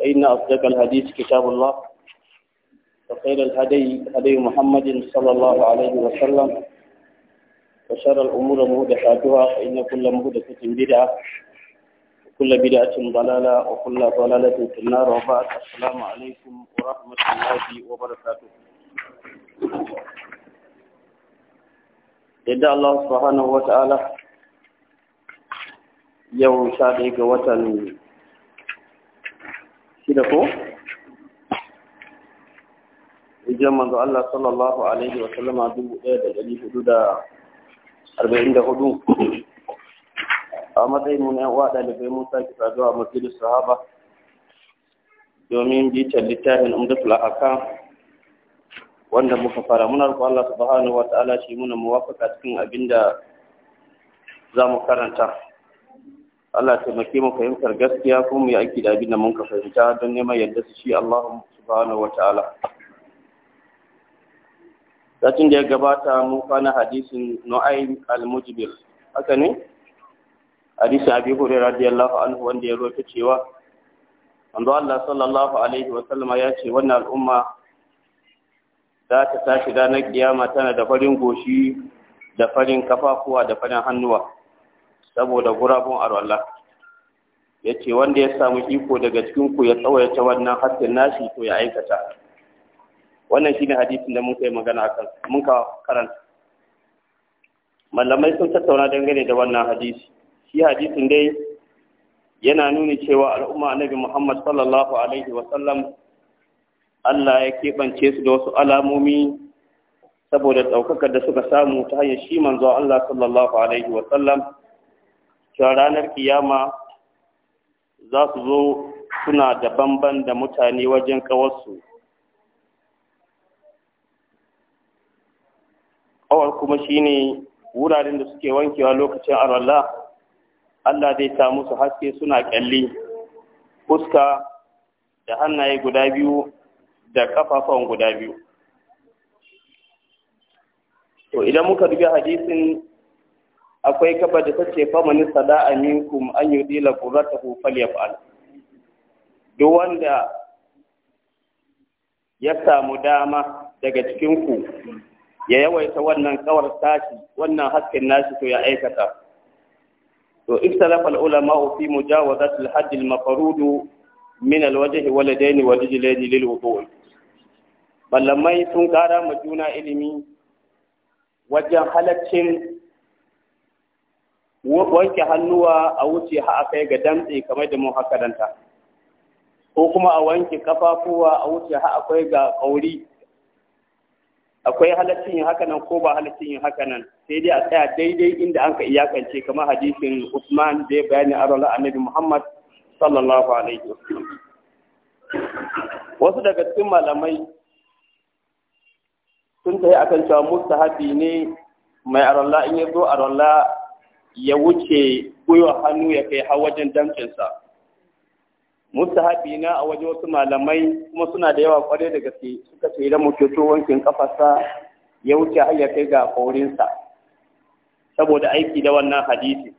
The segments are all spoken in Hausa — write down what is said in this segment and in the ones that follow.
فإن أصدق الحديث كتاب الله وخير الهدي هدي محمد صلى الله عليه وسلم وشر الأمور مهدفاتها فإن كل مهدفة بدعة وكل بدعة ضلالة وكل ضلالة في النار وبعد السلام عليكم ورحمة الله وبركاته yadda Allah subhanahu wa ta'ala yau sha ɗaya ga watan shida ko hijiran manzo Allah sallallahu alaihi wa sallama dubu ɗaya da dari hudu da arba'in da hudu a matsayin mu na yan uwa ɗalibai mun sake saduwa a masjidin sahaba domin bitar littafin umdatul ahkam wanda muka fara muna roƙon Allah subhanahu wa ta'ala shi muna muwafaqa cikin abinda zamu karanta Allah taimake mu fahimtar gaskiya kuma mu yi aiki da abin da mun ka fahimta don neman yadda su shi Allah subhanahu wataala Satin da ya gabata mu kwana hadisin Nu'aim al-Mujbir haka ne hadisin Abi Hurairah radiyallahu anhu wanda ya rawaito cewa Manzo Allah sallallahu alaihi wa sallama ya ce wannan al'umma za ta tashi ranar kiyama tana da farin goshi da farin kafafuwa da farin hannuwa saboda gurabun arwalla ya ce wanda ya samu iko daga cikinku ya tsawaita wannan hasken nashi to ya aikata wannan shine hadisin da muka yi magana akan mun ka karanta malamai sun tattauna dangane da wannan hadisi shi hadisin dai yana nuni cewa al'umma annabi Muhammad sallallahu alaihi wa sallam Allah ya keɓance su da wasu alamomi saboda ɗaukakar da suka samu ta hanyar shi manzo Allah sallallahu alaihi wa sallam cewa ranar kiyama za su zo suna da bamban da mutane wajen kawarsu kawar kuma shine wuraren da suke wankewa lokacin arwallah Allah zai ta musu haske suna kyalli fuska da hannaye guda biyu da kafafan guda biyu to idan muka dubi hadisin akwai kafa da ta ce famanin sada aminkum an yi dila kuratahu fa'al duk wanda ya samu dama daga cikin ku ya yawaita wannan kawar tashi wannan hasken nashi to ya aikata to ikhtalafa al-ulama fi mujawazat al-hadd al-mafrud min al-wajh waladayn wa rijlayn lil wudu' ballamai sun kara ma juna ilimi wajen halaccin wanke hannuwa a wuce ha aka ga damtse kamar da mun haka danta ko kuma a wanke kafafuwa a wuce ha akwai ga kauri akwai halaccin yin haka nan ko ba halaccin yin haka nan sai dai a tsaya daidai inda an ka iyakance kamar hadisin Usman da ya bayani a rawar Annabi Muhammad sallallahu alaihi wasallam wasu daga cikin malamai sun tafi akan cewa mustahabi ne mai aralla in ya zo aralla ya wuce gwiwa hannu ya kai har wajen damcinsa mustahabi na a waje wasu malamai kuma suna da yawa kwarai da gaske suka ce idan mu to wankin kafarsa ya wuce har ya kai ga kaurinsa saboda aiki da wannan hadisi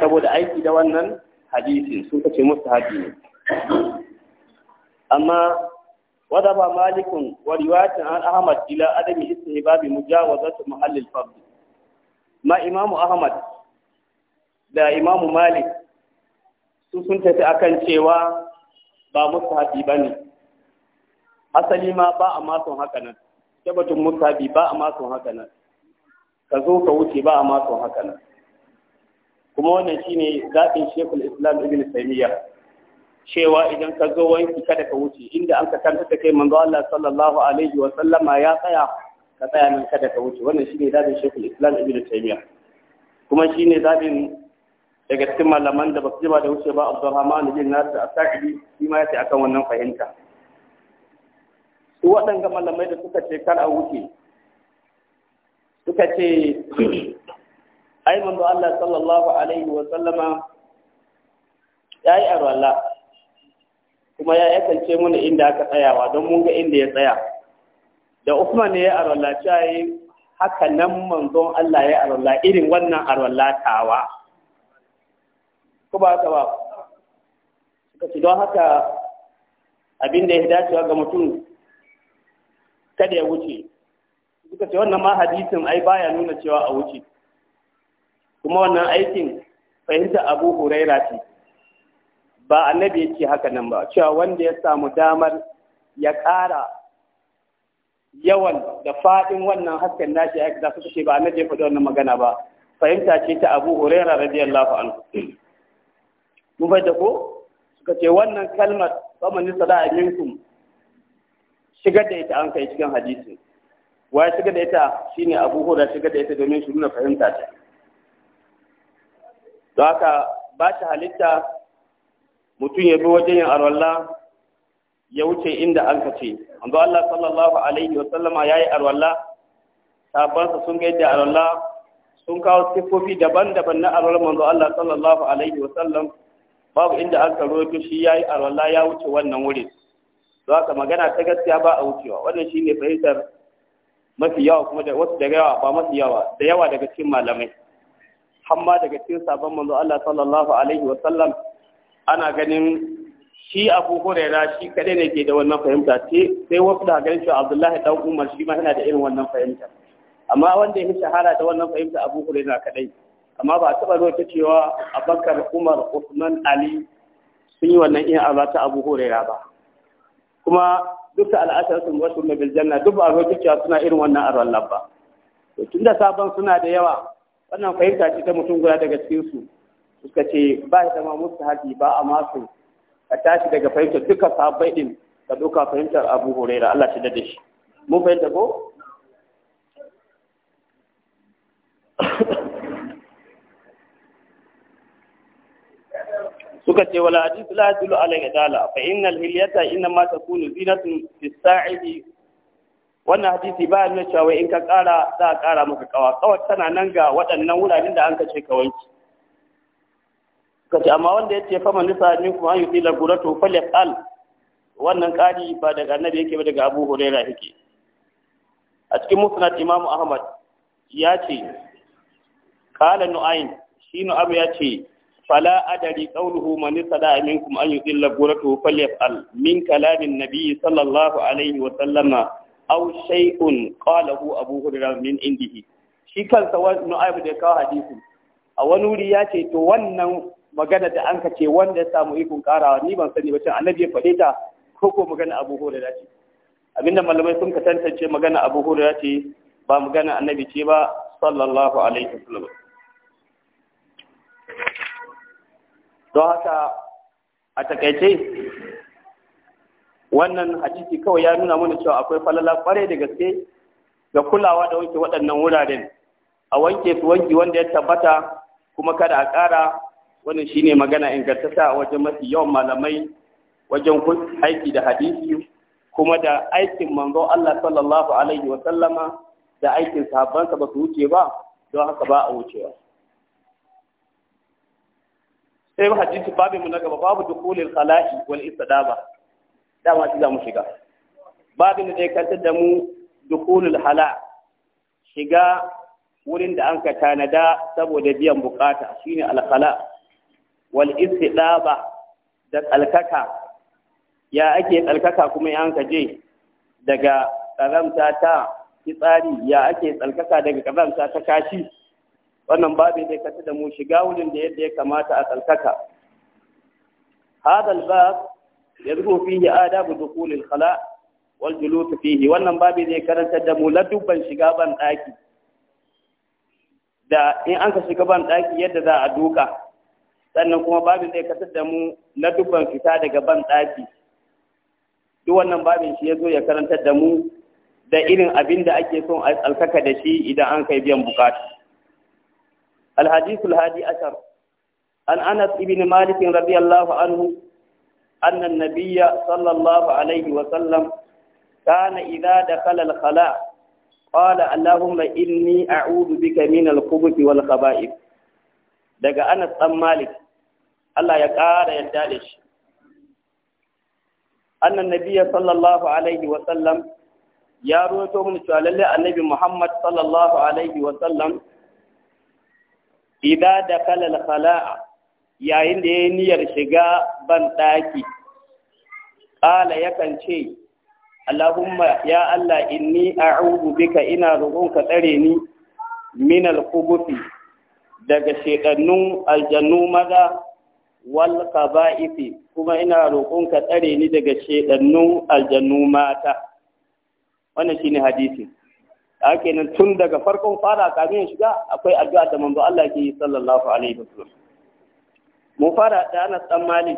saboda aiki da wannan hadisi suka ce mustahabi ne amma wadaba malikun wa riwayatun ahmad ila adami babu mujawazatu mahallil fard ma imamu ahmad da imamu malik su sun tafi akan cewa ba mustahabi ba ne asali ma ba a mason haka nan tabbatun mustahabi ba a mason haka nan ka zo ka wuce ba a mason haka nan kuma wannan shine zaɓin shekul islam ibn taymiya cewa idan ka zo wanki kada ka wuce inda an ka kanta ta kai manzo Allah sallallahu alaihi wa sallama ya tsaya ka tsaya nan kada ka wuce wannan shine zabin shekul islam ibn taymiya kuma shine zabin daga cikin malaman da ba su jima da wuce ba rahman bin nasir asaidi shi ma yace akan wannan fahimta su waɗanga malamai da suka ce kar a wuce suka ce ai manzo Allah sallallahu alaihi wa sallama yayi arwala kuma ya yakance mana inda aka tsayawa don mun ga inda ya tsaya da Usman ne ya arwalla ta yi haka nan manzon Allah ya arwalla irin wannan arwallatawa ko ba haka ba suka ci don haka abin da ya dacewa ga mutum kada ya wuce suka ce wannan ma hadisin ai baya nuna cewa a wuce kuma wannan aikin fahimta abu huraira ce ba annabi ya ce haka nan ba cewa wanda ya samu damar ya ƙara yawan da faɗin wannan hasken nashi ya kaza suka ce ba na jefa da wannan magana ba fahimta ce ta Abu Hurairah radiyallahu anhu mun bai da ko suka ce wannan kalmar faman nisala minkum shigar da ita an kai cikin hadisi wa shigar da ita shine Abu Hurairah shigar da ita domin shi nuna fahimta ta don haka ba ta halitta mutum ya bi wajen yin arwallah ya wuce inda an ka ce manzo Allah sallallahu alaihi wa sallama yayi arwalla sa sun ga yadda arwalla sun kawo sifofi daban-daban na arwallar manzo Allah sallallahu alaihi wa sallam babu inda an ka roƙo shi yayi arwala ya wuce wannan wurin don haka magana ta gaskiya ba a wucewa wannan shine fahimtar mafi yawa kuma da wasu daga yawa ba mafi yawa da yawa daga cikin malamai hamma daga cikin sabon manzo Allah sallallahu alaihi wa sallam ana ganin shi abu huraira shi kadai ne ke da wannan fahimta sai wasu da ganin shi abdullahi dan umar shi ma yana da irin wannan fahimta amma wanda ya shahara da wannan fahimta abu huraira kadai amma ba a taba ta cewa abakar umar usman ali sun yi wannan iya aza ta abu huraira ba kuma duka sun wasu mai biljanna duk ba a ta cewa suna irin wannan arwan ba to tun da sabon suna da yawa wannan fahimta ce ta mutum guda daga cikinsu suka ce ba ya zama musu ba a masu ka tashi daga fahimtar duka sabai din ka ɗauka fahimtar abu huraira Allah shi da shi mun fahimta ko suka ce wala hadithu la dulu ala idala fa innal hilyata ma takunu zinatun fi sa'idi wannan hadisi ba nuna cewa in ka kara za a kara maka kawa kawai tana nan ga waɗannan wuraren da an kace ka wanki kace amma wanda yace fa man nisa min kuma yuti la guratu falyal wannan kari ba daga annabi yake ba daga Abu Hurairah yake a cikin musnad Imam Ahmad ya ce qala nu'ayn shi nu'abu ya ce fala adari qawluhu man sada minkum an yuti la guratu falyal min kalamin nabi sallallahu alaihi wa sallama aw shay'un qalahu Abu Hurairah min indihi shi kansa nu'abu da kawo hadisi a wani wuri ya ce to wannan magana da an ce wanda ya samu ikon karawa ni ban sani ba can annabi ya faɗe ta ko ko magana abu hurairah ce abinda malamai sun ka tantance magana abu hurairah ce ba magana annabi ce ba sallallahu alaihi wasallam don haka a takaice wannan hadisi kawai ya nuna mana cewa akwai falala kwarai da gaske ga kulawa da wanke waɗannan wuraren a wanke su wanki wanda ya tabbata kuma kada a ƙara wannan shine magana ingantata a wajen mafi yawan malamai wajen aiki da hadisi kuma da aikin manzo Allah sallallahu alaihi wa sallama da aikin sahabbansa ba su wuce ba don haka ba a wucewa sai hadisi mu na gaba babu dukulil khala'i wal istidaba da shi za mu shiga Babu da zai kantar da mu dukulul hala shiga wurin da an ka tanada saboda biyan bukata shine al khala wal istidaba da tsalkaka ya ake tsalkaka kuma ya ka je daga karamta ta fitsari ya ake tsalkaka daga karamta ta kashi wannan babu da kasa da mu shiga wurin da yadda ya kamata a tsalkaka هذا الباب يذكر فيه آداب khala wal والجلوس fihi wannan babu zai karanta da mu ladubban shiga ban daki da in an ka shiga ban daki yadda za a duka sannan kuma babin zai kasar da mu na dubban fita daga banɗaki. ɗaki duk wannan babin shi ya zo ya karanta da mu da irin abin da ake son a tsalkaka da shi idan an kai biyan bukatu alhadisul hadi ashar an anas ibn malik radiyallahu anhu anna nabiyya sallallahu alaihi wa sallam kana idza da al kala, qala allahumma inni a'udhu bika min al khubuthi wal khaba'ith daga Anas ɗan Malik Allah ya ƙara yadda da shi annan nabiyya sallallahu alaihi wa sallam ya roto mun cewa lalle annabi Muhammad sallallahu alaihi wa sallam idza dakala al-khala'a yayin da ya niyyar shiga ban daki qala yakan ce Allahumma ya Allah inni a'udhu bika ina roƙonka tsare ni min al daga shekannun aljannu maza wal qaba'ifi kuma ina roƙon ka tsare ni daga shekannun aljannu mata wannan shine hadisi. ake nan tun daga farkon fara kamin shiga akwai addu'a da manzo Allah ke yi sallallahu alaihi wasallam mu fara da Anas dan Malik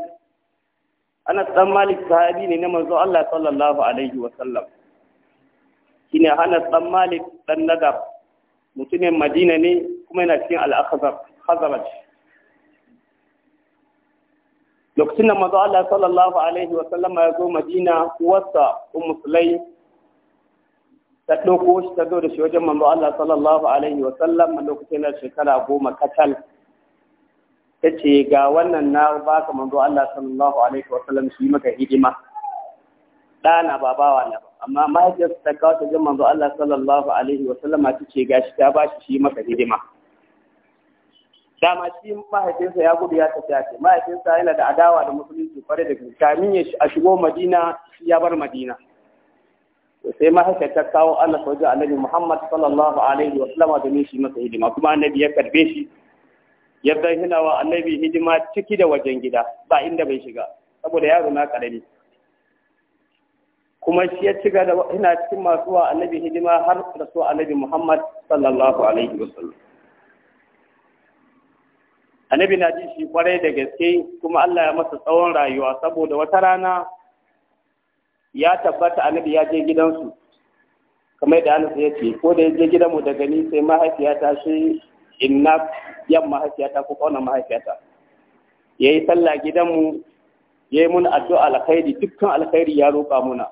Anas dan Malik sahabi ne na manzo Allah sallallahu alaihi wasallam shine Anas dan Malik dan Nadab mutumin Madina ne kuma yana cikin al-khazraj lokacin da manzo Allah sallallahu alaihi wa sallama ya zo Madina wasa, Ummu Sulaim ta ɗauko shi ta zo da shi wajen manzo Allah sallallahu alaihi wa sallam lokacin da shekara goma kacal ta ce ga wannan na baka manzo Allah sallallahu alaihi wa sallam shi maka hidima ɗana ba bawa na ba amma mahaifiyarsa ta kawo ta jin manzo Allah sallallahu alaihi wa sallama ta ce gashi ta bashi shi maka hidima dama shi mahaifinsa ya gudu ya tafi ce mahaifinsa yana da adawa da musulunci kwarai da gudu. kamin ya a shigo madina ya bar madina sai mahaifin ta kawo Allah sauji annabi Muhammad sallallahu alaihi wa sallama da shi masa hidima kuma annabi ya karbe shi ya zai hina wa annabi hidima ciki da wajen gida ba inda bai shiga saboda yaro na karami kuma shi ya ci gaba ina cikin masu wa annabi hidima har da su annabi Muhammad sallallahu alaihi wa sallam annabi na ji shi kwarai da gaske kuma Allah ya masa tsawon rayuwa saboda wata rana ya tabbata annabi ya je gidansu kamar da Anas ya ce ko da ya je gidanmu daga ni sai mahaifiyata shi inna yan mahaifiyata ko kauna mahaifiyata yayi sallah gidanmu yi mun addu'a alkhairi dukkan alkhairi ya roƙa muna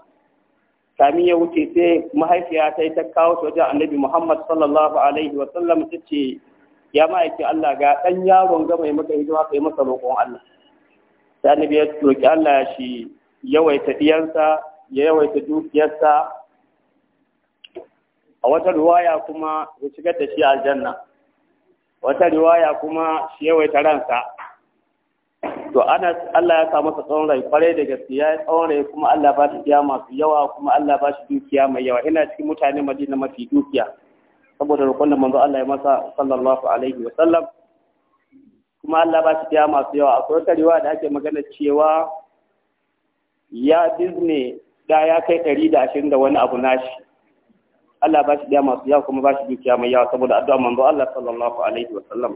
kamin ya wuce sai mahaifiyata ta kawo shi wajen annabi Muhammad sallallahu alaihi wa sallam ta ce ya ma'aikin Allah ga dan yaron ga mai maka hidima kai masa roƙon Allah sai annabi ya roƙi Allah shi yawaita diyansa ya yawaita dukiyarsa a wata riwaya kuma ya shigar da shi aljanna wata riwaya kuma shi yawaita ransa to ana Allah ya sa masa tsawon rai kwarai da gaske ya tsawon rai kuma Allah ba shi diya masu yawa kuma Allah ba shi dukiya mai yawa ina cikin mutane Madina mafi dukiya saboda rukun da manzo Allah ya masa sallallahu alaihi wa sallam kuma Allah ba shi ya masu yawa a wata riwa da ake magana cewa ya bizne da ya kai ɗari da ashirin da wani abu nashi Allah ba shi ɗaya masu yawa kuma ba shi dukiya mai yawa saboda addu'a manzo Allah sallallahu alaihi wa sallam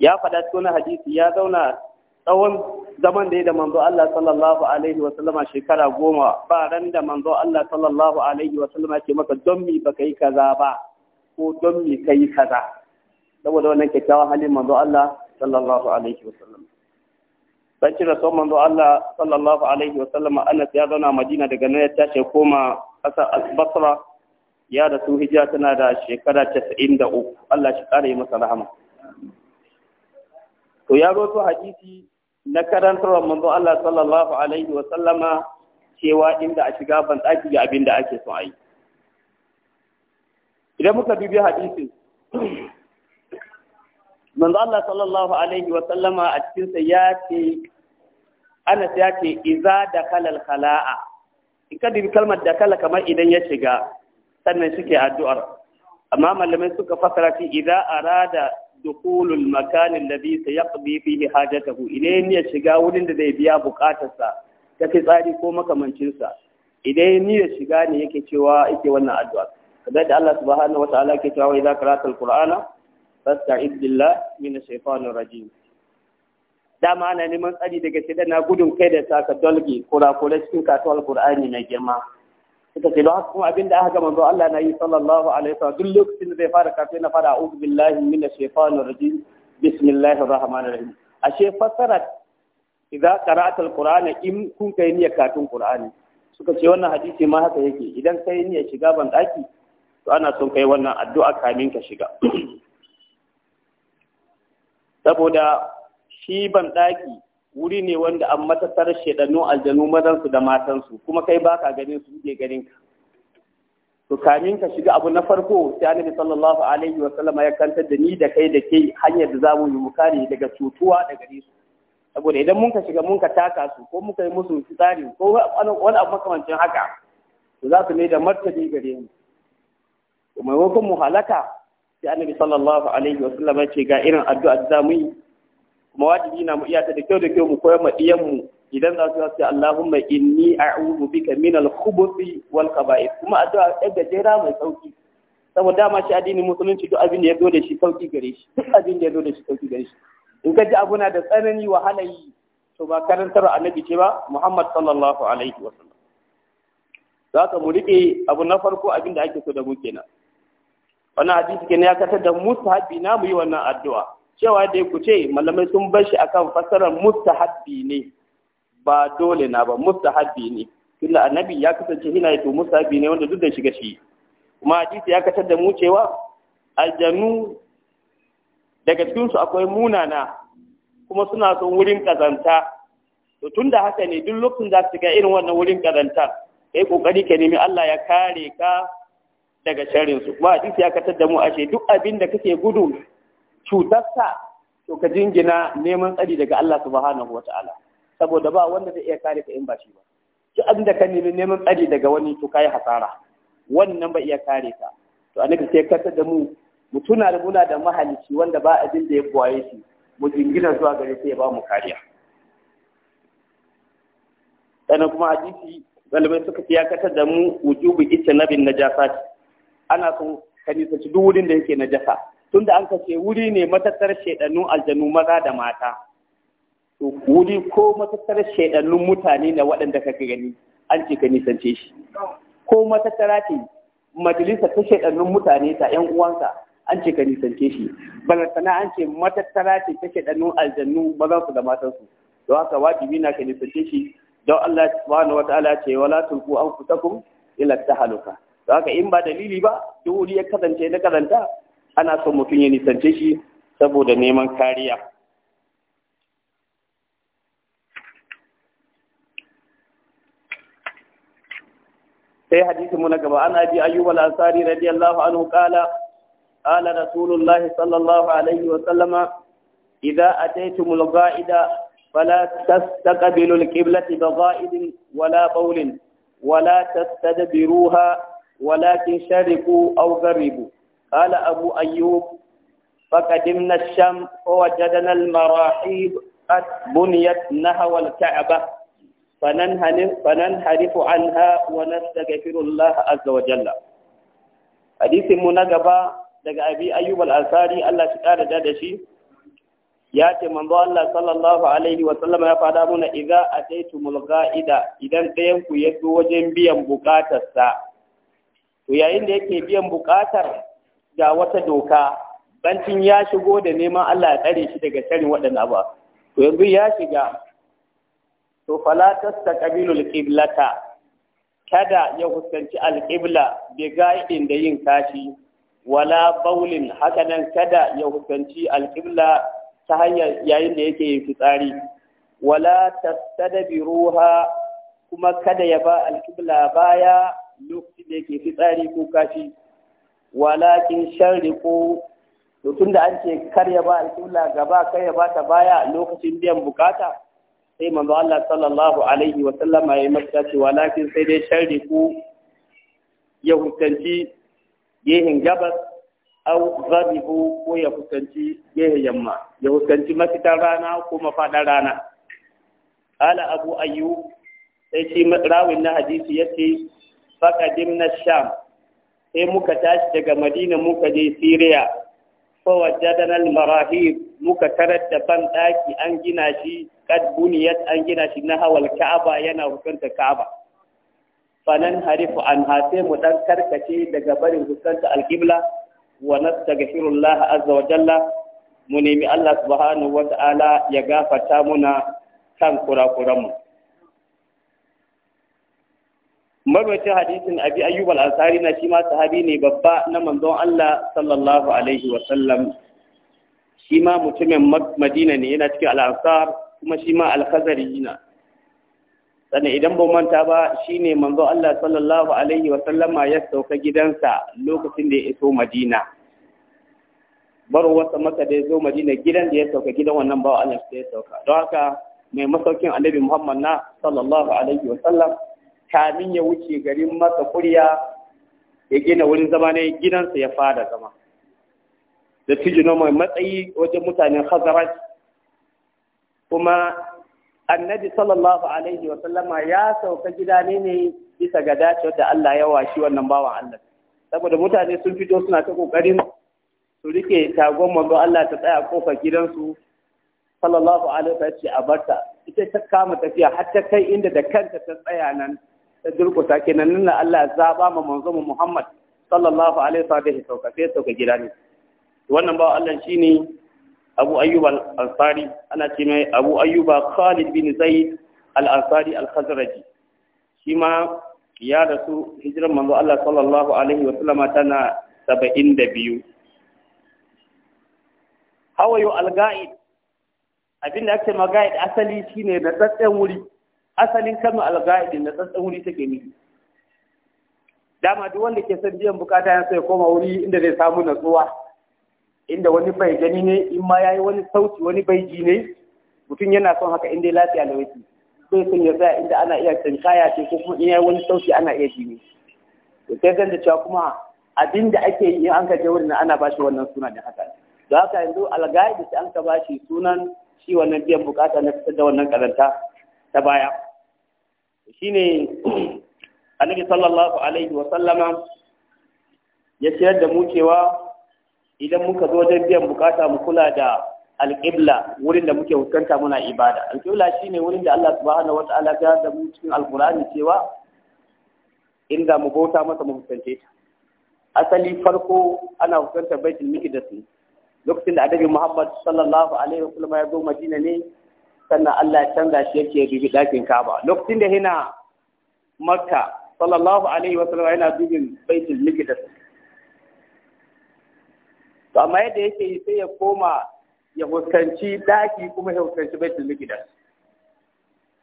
ya faɗa cikin hadisi ya zauna tsawon zaman da ya da manzo Allah sallallahu alaihi wa sallama shekara goma ba ran da manzo Allah sallallahu alaihi wa sallama ke maka don mi baka yi kaza ba ko don mi ka yi kaza saboda wannan kyakkyawan halin manzo Allah sallallahu alaihi wa sallam bacci da tsawon manzo Allah sallallahu alaihi wa sallama Anas ya zauna Madina daga nan ya tashi koma ƙasar Basra ya da su hijira tana da shekara casa'in da uku, Allah shi yi masa rahama to ya roto hadisi na karantarwar manzo Allah sallallahu alaihi wa sallama cewa inda a shiga ban daki ga abin da ake son ayi idan muka bibi hadisin manzo Allah sallallahu alaihi wa sallama a cikinsa ya ce Anas ya ce iza dakhala al-khala'a ikadir kalmar dakala kamar idan ya shiga sannan suke addu'ar amma malamai suka fasara fi 'Iza arada dukulul makanin da bi ta yaƙi fihi hajatahu idan ya shiga wurin da zai biya buƙatarsa ta fitsari ko makamancinsa idan ya shiga ne yake cewa yake wannan addu'a kada da Allah subhanahu wataala yake cewa idza qara'ta alqur'ana fasta'id billah min ash-shaytanir rajim dama ana neman tsari daga shaidan na gudun kai da saka dalge kurakurai cikin katawal qurani na girma suka ce don haka kuma abinda aka ga Allah na yi sallallahu alaihi wasallam duk lokacin da zai fara kafe na fara a'udhu billahi minash shaitanir rajim bismillahir rahmanir rahim ashe fassara idza qara'atal qur'ana in kun kai niyyar katun qur'ani suka ce wannan hadisi ma haka yake idan kai niyyar shiga ban daki to ana son kai wannan addu'a kamin ka shiga saboda shi ban daki wuri ne wanda an matattar shedanu aljanu mazansu da matansu kuma kai baka ganin su suke ganin ka to kamin ka shiga abu na farko sai annabi sallallahu alaihi wa sallam, ya kantar da ni da kai da ke hanyar da za mu yi mukari daga cutuwa da gare su saboda idan mun ka shiga mun ka taka su ko mun kai musu tsari ko wani abu makamancin haka to za su ne da martani gare mu kuma maimakon mu halaka sai annabi sallallahu alaihi wa ya ce ga irin addu'a da zamu yi kuma na mu iya ta da kyau da kyau mu koyar ma mu idan za su yi Allahumma inni a'udhu bika min al-khubuthi wal qaba'ith kuma addu'a ɗan gajera mai sauki saboda ma shi addinin musulunci duk abin da ya zo da shi sauki gare shi duk abin da ya zo da shi sauki gare shi in ka ji abuna da tsanani wahala yi to ba karantar annabi ce ba Muhammad sallallahu alaihi wa sallam za ka mu rike abu na farko abin da ake so da mu kenan wannan hadisi kenan ya kasar da musu haɓi na mu yi wannan addu'a cewa dai ku ce malamai sun bar shi akan fassarar mustahabbi ne ba dole na ba mustahabbi ne tunda annabi ya kasance hina to mustahabbi ne wanda duk da shiga shi kuma hadisi ya katar da mu cewa aljanu daga cikin su akwai munana kuma suna son wurin kazanta to tunda haka ne duk lokacin za su ga irin wannan wurin kazanta kai kokari ka nemi Allah ya kare ka daga sharrin su kuma hadisi ya katar da mu ashe duk abin da kake gudu cutarsa to ka jingina neman tsari daga Allah subhanahu wa ta'ala saboda ba wanda zai iya kare ka in ba shi ba duk abinda ka nemi neman tsari daga wani to kai hasara wannan ba iya kare ka to nake sai kasar da mu mu da muna da mahalici wanda ba abin da ya buwaye shi mu jingina zuwa gare sai ya ba mu kariya sannan kuma hadisi galibai suka ce ya kasar da mu wujubu ita nabin najasa ana so ka duk wurin da yake najasa tunda an kace wuri ne matattar shaidannu aljanu maza da mata to wuri ko matattar shaidannun mutane da waɗanda ka gani an ce ka nisance shi ko matattara ce majalisa ta shaidannun mutane ta yan uwansa an ce ka nisance shi balantana an ce matattara ce ta shaidannun aljanu maza su da matansu don haka wajibi na ka nisance shi don Allah subhanahu ta'ala ce wala tulqu anfusakum ila tahaluka don haka in ba dalili ba duk wuri ya kasance na karanta ana son mutum ya nisance shi saboda neman kariya sai hadisi mu na gaba ana bi ayyub al-ansari radiyallahu anhu qala qala rasulullahi sallallahu alaihi wa sallama idza ataytum al-qa'ida fala tastaqbilu al-qiblata bi qa'idin wala bawlin wala tastadbiruha walakin shariqu aw gharibu قال أبو أيوب فقدمنا الشام ووجدنا المراحيب قد بنيت نحو الكعبة فننحرف عنها ونستغفر الله عز وجل حديث منقبة daga abi ayyub al-ansari Allah shi da da shi ya ce manzo Allah sallallahu alaihi wa ya fada muna idza ataitumul ghaida idan ɗayan ya zo wajen biyan bukatarsa to yayin da yake biyan buƙatar. ga wata doka bancin ya shigo da neman Allah ya tsare shi daga sharin waɗanda ba to yanzu ya shiga to ta tastaqbilu alqiblata kada ya fuskanci alƙibla bi ga'idin da yin kashi wala baulin hakanan kada ya fuskanci alƙibla ta hanyar yayin da yake yin fitsari wala tastadbiruha kuma kada ya ba alƙibla baya lokacin da yake fitsari ko kashi walakin sharriqu to tunda an ce kar ya ba alƙibla gaba kar ya ba ta baya lokacin biyan bukata sai manzo Allah sallallahu alaihi wa sallama ya masa cewa walakin sai dai shariku ya hutanci gehen gabas au zabihu ko ya hutanci gehen yamma ya hutanci mafitar rana ko mafaɗar rana ala abu ayyub sai shi rawin na hadisi yace faqadimna sham sai muka tashi daga madina muka je siriya fawajadana al-marahib muka tarar da ban ɗaki an gina shi kad buniyat an gina shi na hawal ka'aba yana hukunta ka'aba fanan harifu an hafe mu dan karkace daga barin hukunta al-qibla wa nastaghfirullah azza wa jalla mu nemi Allah subhanahu wa ta'ala ya gafata muna kan kurakuranmu marwacin hadisin abi ayyub al-ansari na shi ma sahabi ne babba na manzon Allah sallallahu alaihi wa sallam shi ma mutumin Madina ne yana cikin al-ansar kuma shi ma al-khazari ne sannan idan ban manta ba shine manzon Allah sallallahu alaihi wa sallama ya sauka gidansa lokacin da ya iso Madina baro wata masa da ya zo Madina gidan da ya sauka gidan wannan bawa Allah ya sauka don haka mai masaukin annabi Muhammad na sallallahu alaihi wa sallam kamin ya wuce garin masa kurya ya gina wurin zama ne gidansa ya fada zama da tijino mai matsayi wajen mutanen hazarar kuma annabi sallallahu alaihi wa sallama ya sauka gida ne ne bisa ga dace da Allah ya washi wannan bawan Allah saboda mutane sun fito suna ta kokarin su rike tagon manzo Allah ta tsaya kofar gidansu sallallahu alaihi wa sallam a barta ita ta kama tafiya har ta kai inda da kanta ta tsaya nan ta durkusa kenan nan Allah ya zaba ma manzo Muhammad sallallahu alaihi wa wasallam sauka sai sauka gida ne wannan bawa Allah shine Abu Ayyub al-Ansari ana ce mai Abu Ayyub Khalid bin Zaid al-Ansari al-Khazraji shi ma ya rasu hijiran manzo Allah sallallahu alaihi wa sallama tana 72 hawayo al-ga'id abinda ake magaid asali shine da tsatsen wuri asalin kalmar alga'id na tsantsan wuri take nufi dama duk wanda ke son biyan bukata ya sai koma wuri inda zai samu natsuwa inda wani bai gani ne in ma yayi wani sauti wani bai ji ne mutum yana son haka inda lafiya da wuce sai sun ya tsaya inda ana iya tsinkaya ce ko kuma in yayi wani sauti ana iya ji ne to sai zan cewa kuma abin da ake yi in an ka je wurin ana bashi wannan suna da haka da haka yanzu algaidi sai an ka bashi sunan shi wannan biyan bukata na fitar da wannan karanta ta baya shine annabi sallallahu alaihi wa sallama ya ciyar da mu cewa idan muka zo wajen biyan bukata mu kula da alƙibla wurin da muke fuskanta muna ibada alƙibla shine wurin da Allah subhanahu wa ta'ala ya da mu cikin alqur'ani cewa inda mu bauta masa mu fuskance ta asali farko ana fuskantar baitul miqdis lokacin da annabi Muhammad sallallahu alaihi wa sallam ya zo Madina ne sannan Allah ya canza shi yake bibi ɗakin Ka'aba lokacin da yana Makka sallallahu alaihi wa sallam yana dubin Baitul Maqdis to amma yadda yake yi sai ya koma ya huskanci ɗaki kuma ya huskanci Baitul Maqdis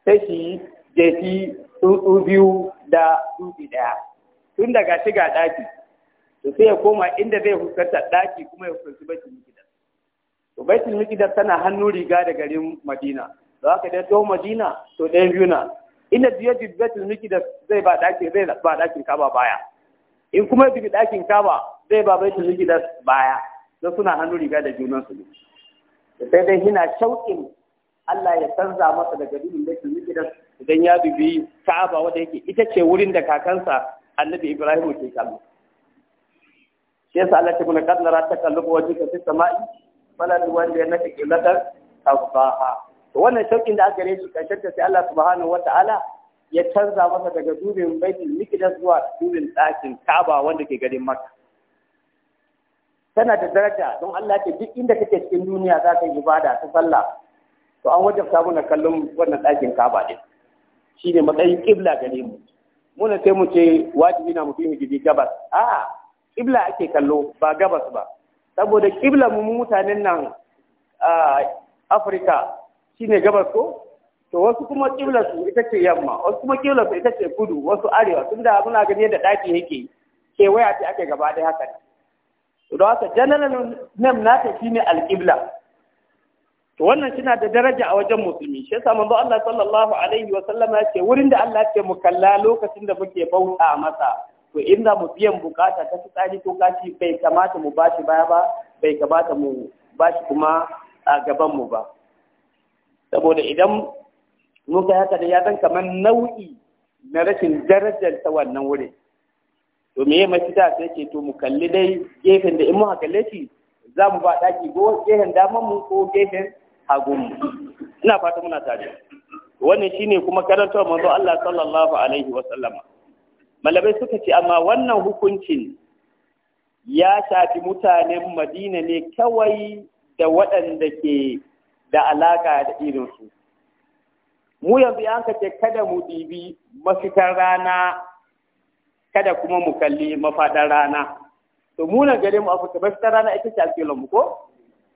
sai shi jefi tsuntsu biyu da tsuntsi ɗaya tun daga shiga ɗaki to sai ya koma inda zai huskanta ɗaki kuma ya fuskanci Baitul Maqdis to baitul miqdis tana hannu riga da garin madina za ka dai to madina to ɗayan biyu na inda biya ji baitul miqdis zai ba daki zai ba dakin kaba baya in kuma bi dakin kaba zai ba baitul miqdis baya don suna hannu riga da junan su sai dai hina shauƙin Allah ya canza masa daga garin baitul miqdis idan ya bibi kaba wanda yake ita ce wurin da kakansa annabi Ibrahim ke kallo Sai Allah ta kuna kadara ta kallo wajen ka sama'i falan wanda ya nake latar tabbaha to wannan shaukin da aka reshi karshen ta sai Allah subhanahu wataala ya canza masa daga dubin baitul miqdas zuwa dubin ɗakin Kaaba wanda ke garin Makka tana da daraja don Allah ta duk inda kake cikin duniya za ka yi ibada ta sallah to an wajabta muna kallon wannan ɗakin Kaaba din ne matsayin kibla gare mu muna sai mu ce wajibi na mu fi mu gidi gabas a'a kibla ake kallo ba gabas ba saboda ƙibla mu mutanen nan a afirka shine gabas ko to wasu kuma ƙibla su ita ce yamma wasu kuma ƙibla su ita ce kudu wasu arewa tunda muna gani yadda ɗaki yake kewaya ce ake gaba ɗaya haka to da haka general name ta shine alƙibla to wannan suna da daraja a wajen musulmi shi yasa manzo Allah sallallahu alaihi wa sallama ya ce wurin da Allah ya ce mu kalla lokacin da muke bauta masa to inda mu biyan bukata ta fitsari ko kashi bai kamata mu bashi baya ba bai kamata mu bashi kuma a gaban mu ba saboda idan muka haka da ya zan kamar nau'i na rashin darajar ta wannan wurin to me mafita sai yake to mu kalli dai gefen da in mu kalle shi za mu ba daki ko gefen daman mu ko gefen hagun mu ina fata muna tare wannan shine kuma karantar manzo Allah sallallahu alaihi wa Malabai suka ce amma wannan hukuncin ya shafi mutanen madina ne kawai da waɗanda ke da alaƙa da irinsu mu yanzu ya ce kada mu ɗibi mafitar rana kada kuma mu kalli mafaɗar rana to mu gare mu afirka mafitar rana ita ce alƙilanmu ko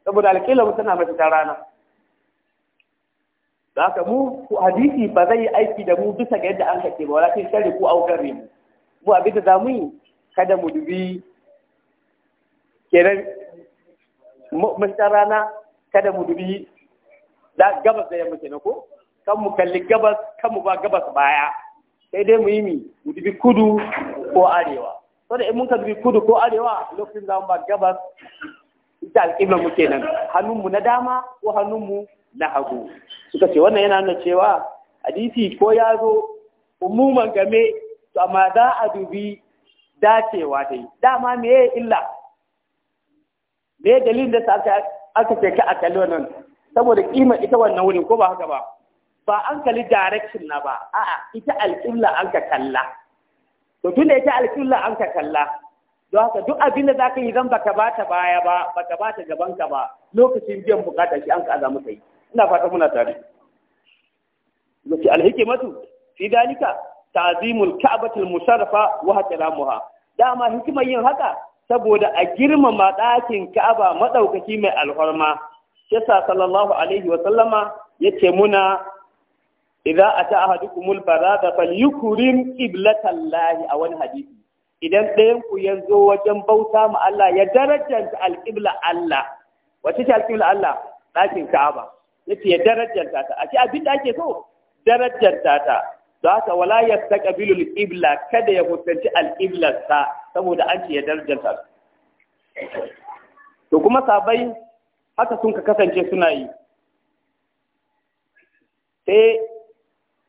saboda alƙilanmu tana mafitar rana da mu ku hadisi ba zai yi aiki da mu bisa ga yadda an kake ba walakin shari ku au gare mu mu abin da za mu yi kada mu dubi kenan mashitar rana kada mu dubi da gabas da yamma kenan ko kan mu kalli gabas kan mu ba gabas baya sai dai mu yi mi mu dubi kudu ko arewa da in mun ka dubi kudu ko arewa lokacin za mu ba gabas ita alƙibla mu kenan hannunmu na dama ko hannunmu na hagu suka ce wannan yana nuna cewa hadisi ko ya zo umuman game to amma za a dubi dacewa da yi dama me ya illa me dalilin da ta aka ce ka a kalli wannan saboda kima ita wannan wurin ko ba haka ba ba an kalli direction na ba a'a ita alƙibla an ka kalla to tun da ita alƙibla an ka kalla don haka duk abin da za ka yi zan baka ba ta baya ba baka ba ta gaban ba lokacin biyan bukatar shi an ka aza maka yi ina fata muna tare yace alhikmatu fi dalika ta'zimul ka'batil musharrafa wa hatalamuha dama hikimar yin haka saboda a girmama ɗakin Ka'aba madaukaki mai alhorma yasa sallallahu alaihi wa sallama yace muna idza ata ahadukumul barada falyukrim qiblatallahi a wani hadisi idan ɗayan ku ya zo wajen bauta ma Allah ya darajanta alƙibla Allah Wacce ce alƙibla Allah ɗakin Ka'aba yace ya darajarta ta a abin da ake so darajarta ta da haka wala yastaqbilu al ibla kada ya hukunci al-qibla saboda an ce ya darajarta to kuma sabai haka sun ka kasance suna yi sai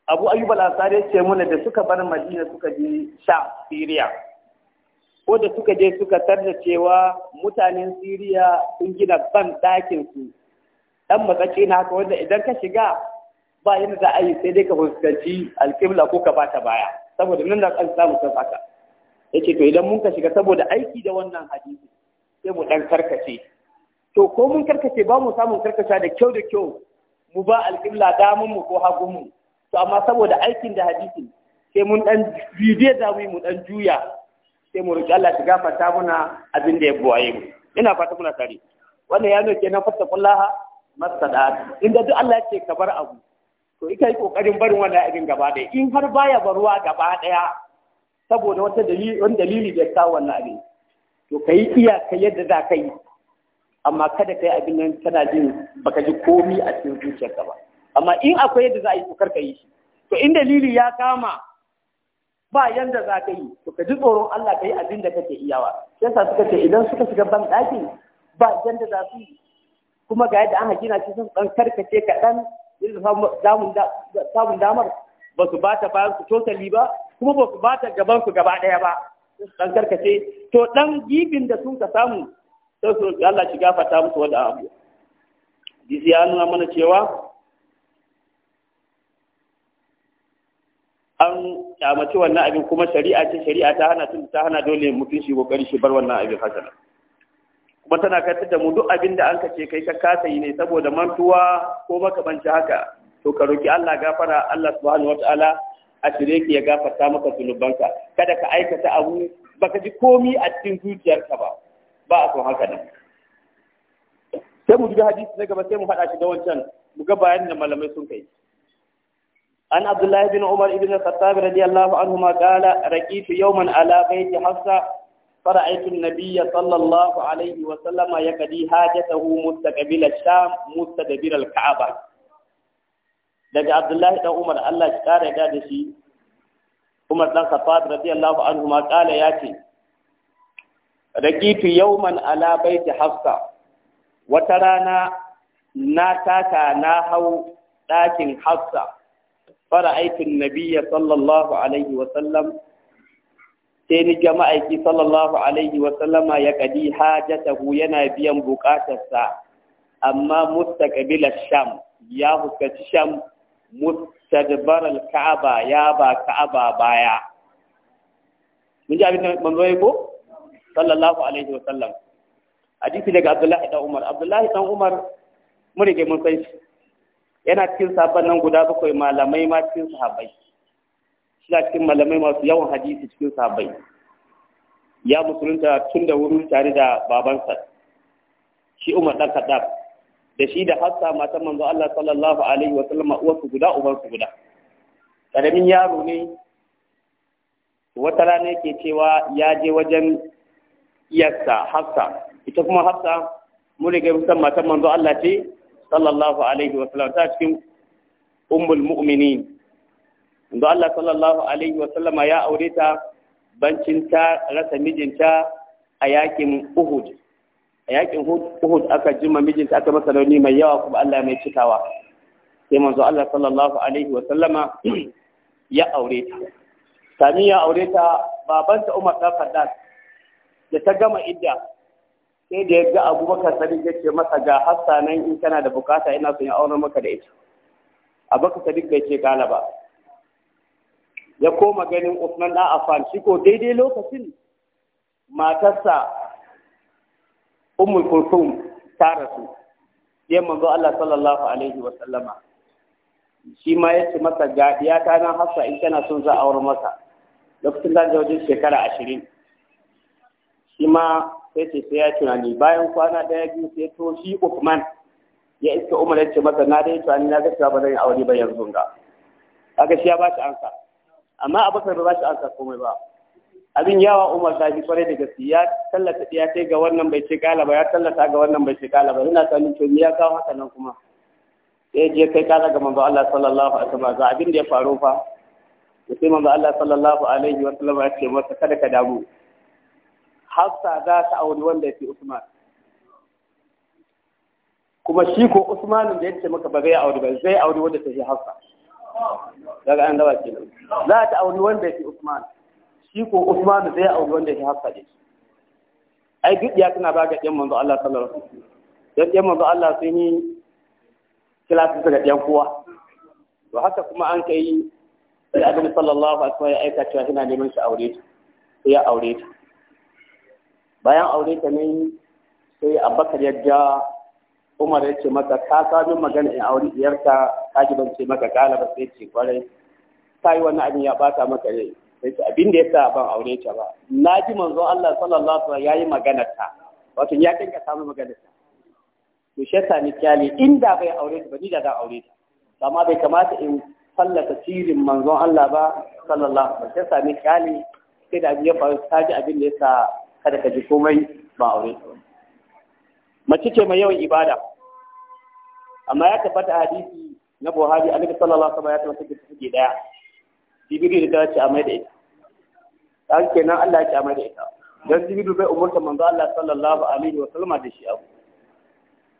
abu ayyub al-ansari ce mana da suka bar madina suka je sha siriya ko da suka je suka tarda cewa mutanen siriya sun gina ban ɗakinsu. su dan matsaki na haka wanda idan ka shiga ba yadda za a yi sai dai ka fuskanci alƙibla ko ka ba ta baya saboda nan da an samu sun haka yace to idan mun ka shiga saboda aiki da wannan hadisi sai mu dan karkace to ko mun karkace ba mu samun karkace da kyau da kyau mu ba alƙibla damun mu ko hagun mu to amma saboda aikin da hadisi sai mun dan bidiyo da mu dan juya sai mu riƙe Allah shiga fata muna abin da ya buwaye mu ina fata muna tare wannan ya nuna kenan fattakullaha masada inda duk Allah yake ka bar abu to ita yi kokarin barin wannan abin gaba ɗaya. in har baya barwa gaba daya saboda wata dalili wani dalili da sa wannan abin to kai iyaka yadda za ka yi amma kada kai abin nan kana jin baka ji komi a cikin zuciyarka ba amma in akwai yadda za a yi kokar ka yi shi to in dalili ya kama ba yanda za ka yi to ka ji tsoron Allah ka yi abin da kake iyawa shi yasa suka ce idan suka shiga ban ɗaki ba yanda za su yi kuma ga yadda aka gina shi sun ɗan karkace kaɗan samun damar ba su bata bayan su totali ba kuma ba su bata gaban su gaba daya ba ɗan karkace to ɗan gibin da sun ka samu sai su Allah shi gafarta musu wanda abu dizi ya nuna mana cewa an kyamaci wannan abin kuma shari'a ce shari'a ta hana tun ta hana dole mutum shi kokari shi bar wannan abin hasana kuma tana karantar da mu duk abin da an kace kai ka kasa yi ne saboda mantuwa ko makamanci haka to ka roki Allah gafara Allah subhanahu wataala a cire ki ya gafarta maka zunubanka kada ka aikata abu baka ji komi a cikin zuciyarka ba ba a so haka nan sai mu ji hadisi na gaba sai mu fada shi da wancan mu ga bayanin da malamai sun kai an abdullahi bin umar ibn al-khattab radiyallahu anhu ma qala raqitu yawman ala bayti hafsa فرأيت النبي صلى الله عليه وسلم يقضي حاجته مستقبل الشام مستدبر الكعبة daga Abdullahi dan Umar Allah shi kare da da shi Umar dan Khattab radiyallahu anhu ma kala ya ce rakitu yawman ala baiti Hafsa wata rana na taka na hau ɗakin Hafsa fara'aitin nabiyya sallallahu alaihi wa sallam sai ni ga ma'aiki sallallahu alaihi wa sallama ya kadi hajatahu yana biyan bukatarsa amma mustaqbil sham ya hukaci sham mustadbar al-ka'aba ya ba ka'aba baya mun ji abin manzo ko sallallahu alaihi wa sallam hadisi daga Abdullahi dan Umar Abdullahi dan Umar mun rike mun sai yana cikin sahabban nan guda bakwai malamai ma cikin sahabbai suna cikin malamai masu yawan hadisi cikin sahabbai ya musulunta tun da wurin tare da babansa shi Umar dan Khattab da shi da Hafsa matan manzo Allah sallallahu alaihi wa sallam uwarsu guda ubansu guda karamin yaro ne wata rana yake cewa ya je wajen iyarsa Hafsa ita kuma Hafsa mun riga musan matan manzo Allah ce sallallahu alaihi wa sallam ta cikin ummul mu'minin inda Allah sallallahu alaihi wa sallama ya aure ta bancin ta rasa mijinta a yakin Uhud a yakin Uhud aka jima mijinta aka masa rauni mai yawa kuma Allah mai cikawa sai manzo Allah sallallahu alaihi wa sallama ya aure ta sami ya aure ta babanta Umar da Faddad da ta gama idda sai da ya ga Abubakar Sadiq ya ce masa ga Hassanan in kana da bukata ina son ya aure maka da ita Abubakar Sadiq bai ce kala ba ya koma ganin Usman ɗan Affan shi ko daidai lokacin matarsa Ummul Kulthum ta rasu yan manzo Allah sallallahu alaihi wa sallama shi ma ya ce masa ga ta nan hafsa in tana son za a masa lokacin da wajen shekara ashirin shi ma sai ce sai ya tunani bayan kwana daya biyu sai to shi Uthman ya iska Umar ya ce masa na dai tunani na ga ba zan yi aure ba yanzu ga kaga shi ya ba shi ansa amma abubakar ba shi ansa komai ba abin yawa umar ta ji kwarai da gaske ya tallata ya kai ga wannan bai ce kala ba ya tallata ga wannan bai ce kala ba ina sanin to ya kawo haka nan kuma sai je kai kala ga manzo Allah sallallahu alaihi wasallam ga abin da ya faru fa sai manzo Allah sallallahu alaihi wasallam ya ce masa kada ka damu Hafsa za ta auri wanda ya fi Usman kuma shi ko Usmanin da ya ce maka ba zai auri ba zai auri wanda ta fi Hafsa daga an gaba kenan za ta auri wanda yake Usman shi ko Usman zai auri wanda yake Hafsa dai ai duk ya tana ba ɗan manzo Allah sallallahu alaihi wasallam ɗan manzo Allah sai ni kilasi daga ɗan kowa to haka kuma an kai da Annabi sallallahu alaihi wasallam ya aika cewa ina neman shi aure ta sai ya aure ta bayan aure ta ne sai Abubakar ya Umar ya ce mata ka sabin magana in auri diyarka ka ji ban ce maka kala ba sai ce kwarai ta yi wani abin ya bata maka ne sai ce abin da ya sa ban aure ta ba na ji manzo Allah sallallahu alaihi wasallam yayi magana ta wato ya kinka samu magana ta to shi yasa ni kyale inda bai aure ta ba ni da za aure ta amma bai kamata in sallata sirrin manzon Allah ba sallallahu alaihi wasallam shi yasa ni kyale sai da abin ya faru ta ji abin da ya sa kada ka ji komai ba aure ta mace ce mai yawan ibada amma ya tabbata hadisi na buhari nika sallallahu alaihi wasallam ya tabbata take take daya jibril da ta ce mai da ita dan kenan Allah ya ce mai da ita dan Jibiru bai umurta manzo Allah sallallahu alaihi wasallam da shi abu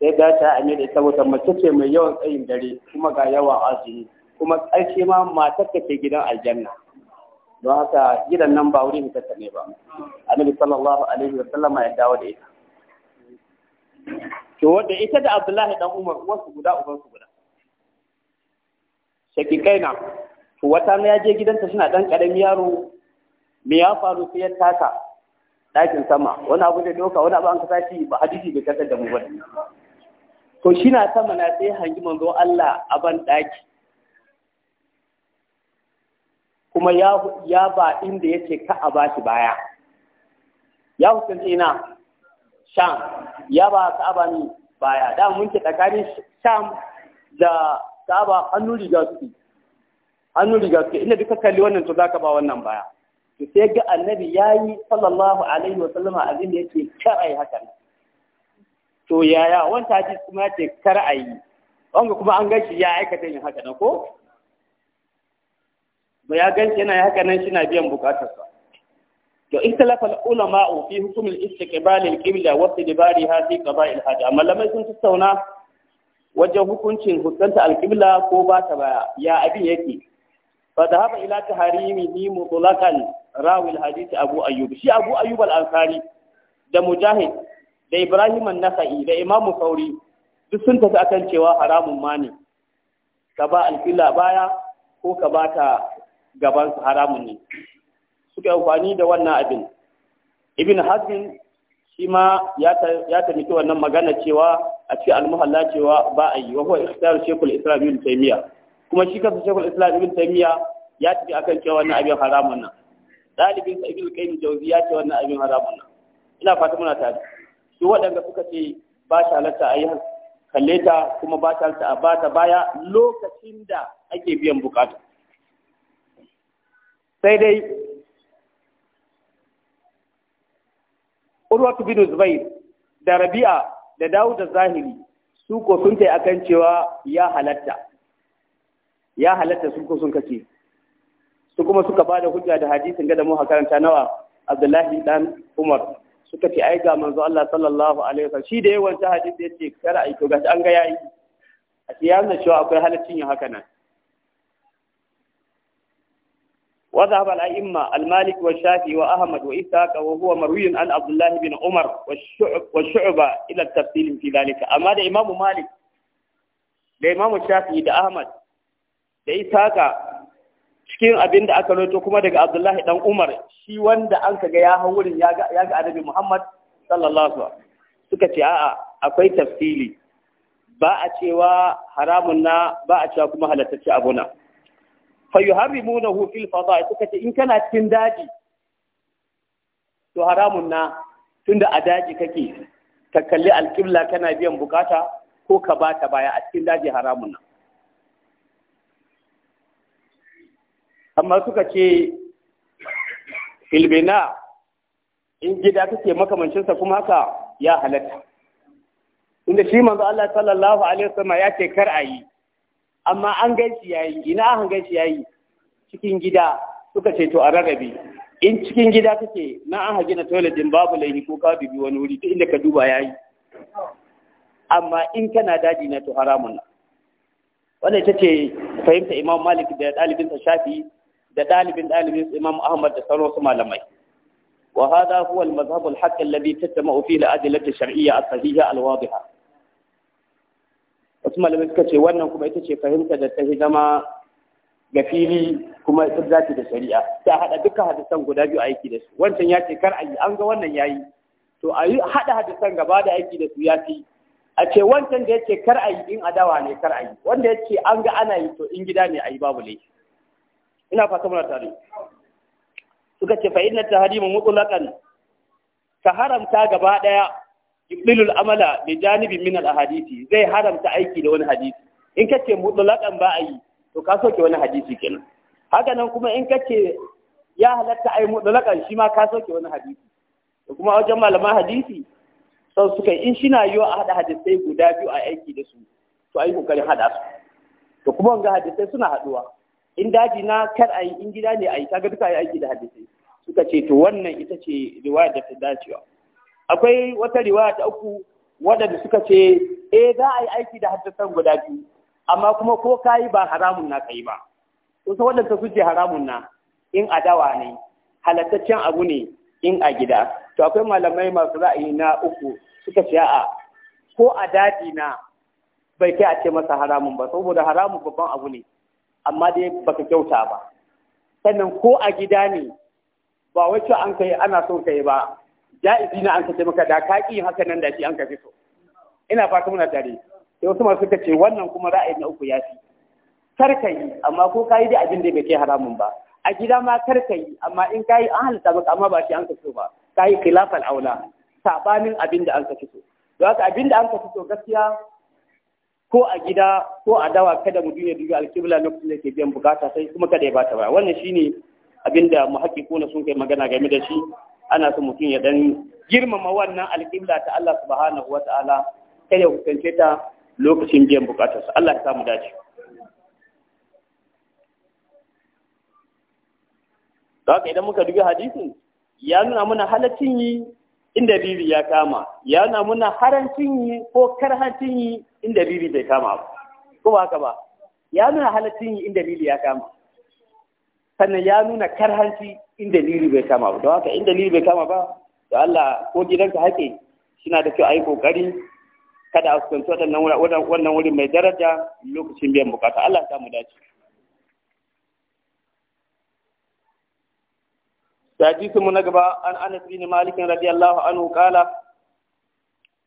sai da ta mai da ita wata mace ce mai yawan tsayin dare kuma ga a azumi kuma ƙarshe ma matar ta ke gidan aljanna don haka gidan nan ba wuri mutattane ne ba annabi sallallahu alaihi wasallam ya dawo da ita to wanda ita da abdullahi dan umar wasu guda su guda kai na to wata na ya je gidanta suna dan karamin yaro me ya faru sai ya taka dakin sama wani abu da doka wani abu an ka shi ba hadisi bai kasar da mu ba to shi na sama na sai hangi manzo Allah a ban daki. kuma ya ba inda yace ka a bashi baya ya hukunta ina sham ya ba ka'aba ne baya da mun ke tsakanin sham da ka'aba hannu riga suke hannu riga suke inda duka kalli wannan to zaka ba wannan baya to sai ga annabi yayi sallallahu alaihi wa sallama azin da yake karai haka to yaya wanda hadisi kuma yake karai wanda kuma an gashi ya aikata yin haka ko ba ya shi yana haka nan shi na biyan bukatarsa to ikhtalafa al-ulama fi hukm al-istiqbal al-qibla wa istidbariha fi qada' al-haja malamai sun tattauna wajen hukuncin hukunta al-qibla ko ba ta baya ya abin yake fa dhahaba ila ni mutlaqan rawi al-hadith abu ayyub shi abu ayyub al-ansari da mujahid da ibrahim an-nakhai da imamu sauri duk sun tafi akan cewa haramun ma ne ka ba al-qibla baya ko ka ba ta gaban haramun ne suka yi amfani da wannan abin ibn hazmin shi ma ya taimaki wannan magana cewa a cikin almuhalla cewa ba a yi wa huwa ikhtiyar shekul islam ibn taymiya kuma shi kansa shekul islam ibn taymiya ya tafi akan cewa wannan abin haramun nan dalibin sa ibn kaimi Jauzi, ya ce wannan abin haramun nan ina fata muna tare su waɗanda suka ce ba shi halatta a yi kalle ta kuma ba shi halatta a ba ta baya lokacin da ake biyan bukata sai dai Urwatu bin Zubair da Rabi'a da Dawud da Zahiri su ko sun tai akan cewa ya halatta ya halatta su ko sun kace su kuma suka bada hujja da hadisin ga da mu karanta nawa Abdullahi dan Umar suka ce ai ga manzo Allah sallallahu alaihi wasallam shi da yawan hadisi yace kar ai to ga an ga yayi a ce ya nuna cewa akwai halaccin yin haka nan وذهب الأئمة المالك والشافعي وأحمد وإسحاق وهو مروي عن عبد الله بن عمر والشعب والشعبة إلى التفصيل في ذلك أما الإمام مالك الإمام الشافعي ده أحمد ده إسحاق cikin abin da aka roto kuma daga Abdullahi dan Umar shi wanda an kaga ya hau ya ga ya ga Annabi Muhammad sallallahu alaihi wasallam suka ce a'a akwai tafsili ba a cewa haramun na ba a cewa kuma halattacce abu na fa yuharrimunahu fil fada'i suka ce in kana cikin daji to haramun na tunda a daji kake ka kalli alƙibla kana biyan bukata ko ka ba ta baya a cikin daji haramun na amma suka ce filbina in gida kake makamancinsa kuma haka ya halatta inda shi manzo Allah sallallahu alaihi wasallam ya ce kar a yi amma an gaishe yayi ina an gaishe yayi cikin gida suka ce to a rarrabe in cikin gida kake na an hage na toilet din babu laifi ko ka dubi wani wuri duk inda ka duba yayi amma in kana daji na to haramun nan wannan ita ce fahimta Imam Malik da dalibin sa Shafi da dalibin dalibin Imam Ahmad da sauran su malamai wa hada huwa al-mazhab al-haqq alladhi tattamu fihi al-adillatu ash-shar'iyya sahiha al-wadiha wasu malamai suka ce wannan kuma ita ce fahimta da ta zama ga fili kuma ita za da shari'a ta haɗa duka hadisan guda biyu aiki da su wancan ya ce kar a yi an ga wannan ya yi to a yi haɗa hadisan gaba da aiki da su ya fi a ce wancan da ya ce kar a yi in adawa ne kar a yi wanda ya ce an ga ana yi to in gida ne a yi babu laifi ina fata muna tare suka ce fa inna tahrimu mutlaqan ka haramta gaba daya ibdilul amala bi janibin min al ahadisi zai haramta aiki da wani hadisi in kace mutlaqan ba a yi to ka soke wani hadisi kenan haka nan kuma in kace ya halatta ai mutlaqan shi ma ka soke wani hadisi To kuma wajen malaman hadisi sau suka in shi na yi a hada hadisai guda biyu a aiki da su to ai kokarin hada su to kuma wanga hadisai suna haduwa in daji na kar yi in gida ne ayi kaga duka yi aiki da hadisai suka ce to wannan ita ce riwaya da ta dacewa akwai wata riwaya ta uku waɗanda suka ce e za a yi aiki da haddasan guda biyu amma kuma ko ka yi ba haramun na ka yi ba kusa waɗanda su ce haramun na in adawa ne halattaccen abu ne in a gida to akwai malamai masu ra'ayi na uku suka ce a ko a daji na bai kai a ce masa haramun ba saboda haramun babban abu ne amma dai baka kyauta ba sannan ko a gida ne ba wacce an kai ana son kai ba ja'izi na an kace maka da ka ki haka nan da shi an ka fito. ina fata muna tare sai wasu masu suka ce wannan kuma ra'ayi na uku ya fi kar ka yi amma ko ka yi da abin da bai kai haramun ba a gida ma kar ka amma in ka yi an halitta maka amma ba shi an fito ba ka yi khilafal aula sabanin abin da an kace so don haka abin da an kace so gaskiya ko a gida ko a dawa kada mu duniya duniya alkibla lokacin kuma ke biyan bukata sai kuma kada ya bata ba wannan shine abin da na sun kai magana game da shi ana so mutum ya dan girmama wannan alƙibla ta Allah subhanahu wa ta'ala ta ya kusance ta lokacin biyan bukatarsa Allah ya samu dace haka idan muka dubi hadisin ya nuna muna halaccin yi inda bibi ya kama ya nuna muna harancin yi ko karhancin yi inda bibi bai kama ba ko ba haka ba ya nuna halaccin yi inda bibi ya kama sannan ya nuna karhanci in dalili bai kama ba don haka in dalili bai kama ba to Allah ko gidanka haƙe suna da kyau a yi ƙoƙari kada a fuskanci wannan wurin mai daraja lokacin biyan bukata Allah ta mu dace حديث من نقبة عن أنس بن مالك رضي الله عنه قال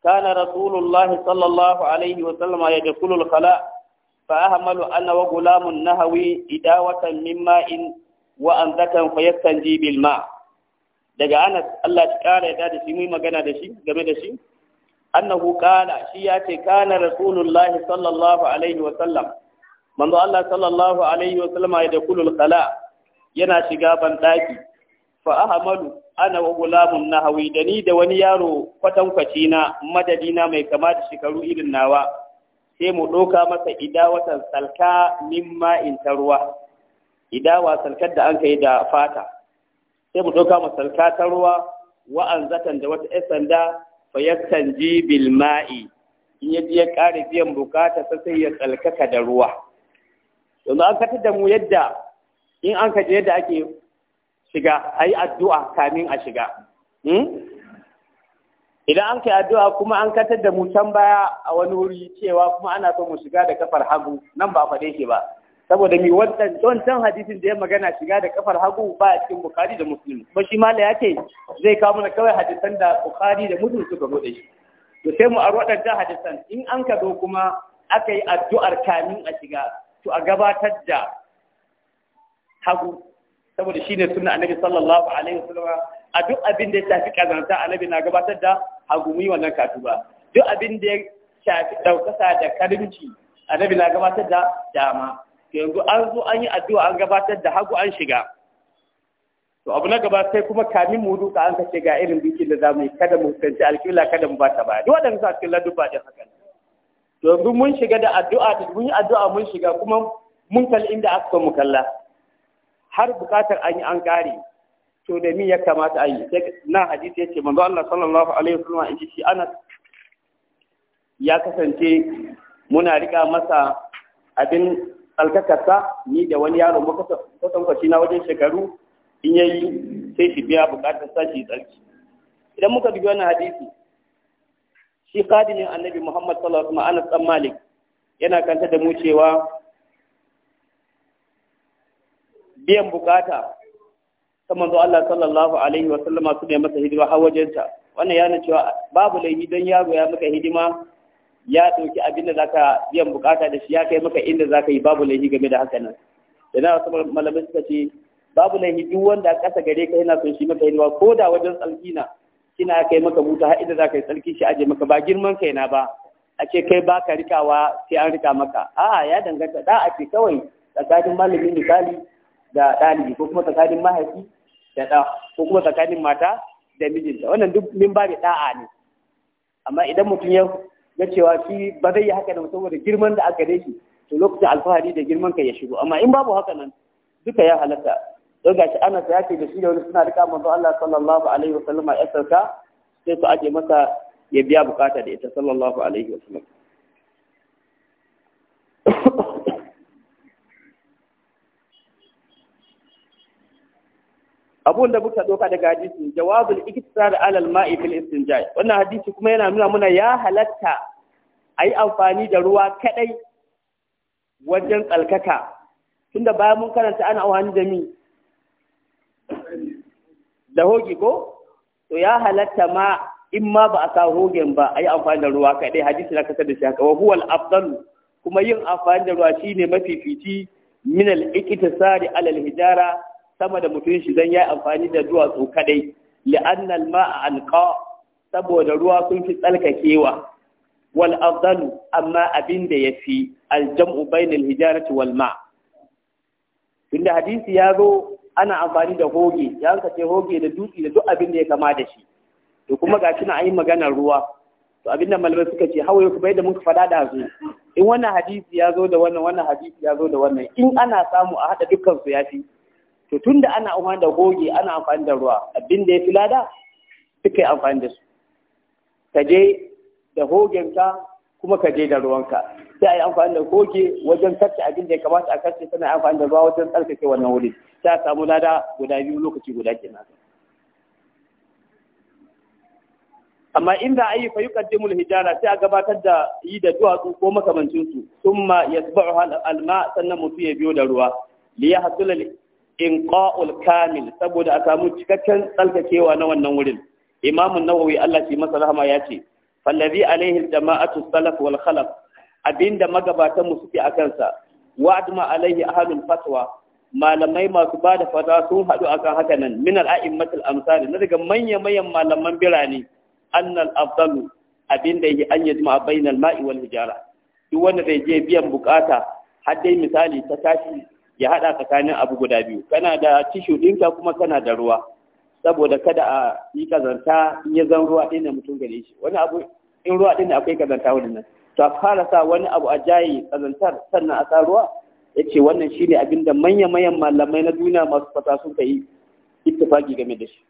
كان رسول الله صلى الله عليه وسلم يدخل الخلاء فأهمل أنا وغلام النهوي إداوة من ماء وأنذكا فيستنجي بالماء دقى أنس الله قال يا دادي مي دشي game da shi annahu qala shi ya ce kana rasulullah sallallahu alaihi wa sallam manzo Allah sallallahu alaihi wa sallam ya dakulul qala yana shiga banɗaki. daki fa ahmalu ana wa gulamun nahawi da ni da wani yaro kwatankwaci na madadina mai kama da shekaru irin nawa sai mu ɗoka masa idawatan salka min ma'in ta ruwa idawa salkar da an yi da fata sai mu ɗoka masa salka ta ruwa wa'an zatan da wata 'yan sanda fa yakan ji bil ma'i in yaji ya ƙara biyan bukata sai ya tsalkaka da ruwa yanzu an katar da mu yadda in an kaje yadda ake shiga a yi addu'a kamin a shiga hmm? idan an kai addu'a kuma an katar da mu can baya a wani wuri cewa kuma ana so mu shiga da kafar hagu nan ba faɗe ke ba saboda mi wannan wancan hadisin da ya magana shiga da kafar hagu ba a cikin bukari da muslim ba shi ya ce zai kawo mana kawai hadisan da bukari da muslim suka bude shi to sai mu a waɗancan hadisan in an ka zo kuma aka yi addu'ar kamin a shiga to a gabatar da hagu saboda shine sunna annabi sallallahu alaihi wasallam a duk abin da ya shafi kazanta annabi na gabatar da hagumi wannan katuba duk abin da ya shafi daukasa da karimci annabi na gabatar da dama yanzu an zo an yi addu'a an gabatar da hagu an shiga to abu na gaba sai kuma kamin mu duka an kace ga irin bikin da zamu yi kada mu kanci alƙibla kada mu bata baya duk waɗanda sa cikin ladduba da haka to yanzu mun shiga da addu'a da mun yi addu'a mun shiga kuma mun kalli inda aka mu kalla har bukatar an yi an ƙare to da min ya kamata a yi na hadisi ya ce manzo Allah sallallahu alaihi wasallam in shi ana ya kasance muna rika masa abin alkakarsa ni da wani yaro muka kwatanci na wajen shekaru in yayi sai shi biya bukatar sashi tsarki idan muka bi wannan hadisi shi kadimin annabi Muhammad sallallahu alaihi wasallam Anas Malik yana kanta da mu cewa biyan bukata Kamanzo manzo Allah sallallahu alaihi wa sallama su ne masa hidima har wajenta wannan yana cewa babu laifi dan yaro ya maka hidima ya ɗauki abin da zaka biyan bukata da shi ya kai maka inda zaka yi babu laifi game da hakan nan idan wasu malamai suka ce babu laifi duk wanda ƙasa gare ka yana son shi maka hidima ko da wajen tsalki na kina kai maka buta har inda zaka yi tsalki shi aje maka ba girman kai na ba a ce kai baka rikawa sai an rika maka a'a ya danganta da a ce kawai tsakanin malamin misali da ɗalibi ko kuma tsakanin mahaifi da ɗa ko kuma tsakanin mata da mijinta wannan duk min ba da ɗa'a ne amma idan mutum ya ga cewa shi ba zai yi haka da saboda girman da aka dai shi to lokacin alfahari da girman ka ya shigo amma in babu haka nan duka ya halatta don shi ana ya ce da shi da wani suna rika manzo Allah sallallahu alaihi wasallama ya sauka sai su aje masa ya biya bukata da ita sallallahu alaihi wasallam abun da muka doka daga hadisi jawabul iktisar alal ma'i fil istinja wannan hadisi kuma yana nuna muna ya halatta ayi amfani da ruwa kadai wajen tsalkaka tunda bayan mun karanta ana amfani da mi da hoge ko to ya halatta ma in ma ba a sa hogen ba ayi amfani da ruwa kadai hadisi na kasar da shi haka wa huwal afdalu kuma yin amfani da ruwa shine mafifici min al iktisari alal hijara sama da mutum shi zan yi amfani da duwatsu kadai li'annal ma'a alqa saboda ruwa sun fi tsalkakewa wal afdalu amma abin da yafi aljam'u bainal hijarati wal ma' tunda hadisi ya zo ana amfani da hoge ya ce hoge da dutse da duk abin da ya kama da shi to kuma ga kina ayi maganar ruwa to abin da malamai suka ce hawaye ku bai da muka faɗa da zo in wannan hadisi ya zo da wannan wannan hadisi ya zo da wannan in ana samu a haɗa dukkan su yafi to tun da ana amfani da goge ana amfani da ruwa abin da ya fi lada suka yi amfani da su ka je da hogenka kuma ka je da ruwanka sai a yi amfani da goge wajen karce abin da ya kamata a karce tana amfani da ruwa wajen tsarkake wannan wuri sai a samu lada guda biyu lokaci guda kenan amma inda a yi jimul hijara sai a gabatar da yi da duwatsu ko makamancinsu sun ma yasba'u alma sannan mutum ya biyo da ruwa liya hasulali inqa'ul kamil saboda a samu cikakken tsalkakewa na wannan wurin imamun nawawi Allah shi masa rahama ya ce fallazi alaihi jama'atu salaf wal khalaf abinda magabatan mu suke akan sa wa'adma alaihi ahlul fatwa malamai masu ba da fata sun haɗu akan haka nan min al'a'immatul amsal na daga manya manyan malaman birane annal afdalu abinda yake an yajma bainal ma'i wal hijara duk wanda zai je biyan bukata har dai misali ta tashi ya haɗa tsakanin abu guda biyu kana da tishu ɗinka kuma kana da ruwa saboda kada a yi kazanta in ya zan ruwa ɗin da mutum gare shi wani abu in ruwa ɗin da akwai kazanta wani nan to a fara sa wani abu a jayi kazantar sannan a sa ruwa ya ce wannan shi ne abinda manya-manyan malamai na duniya masu fata sun yi ittifaki game da shi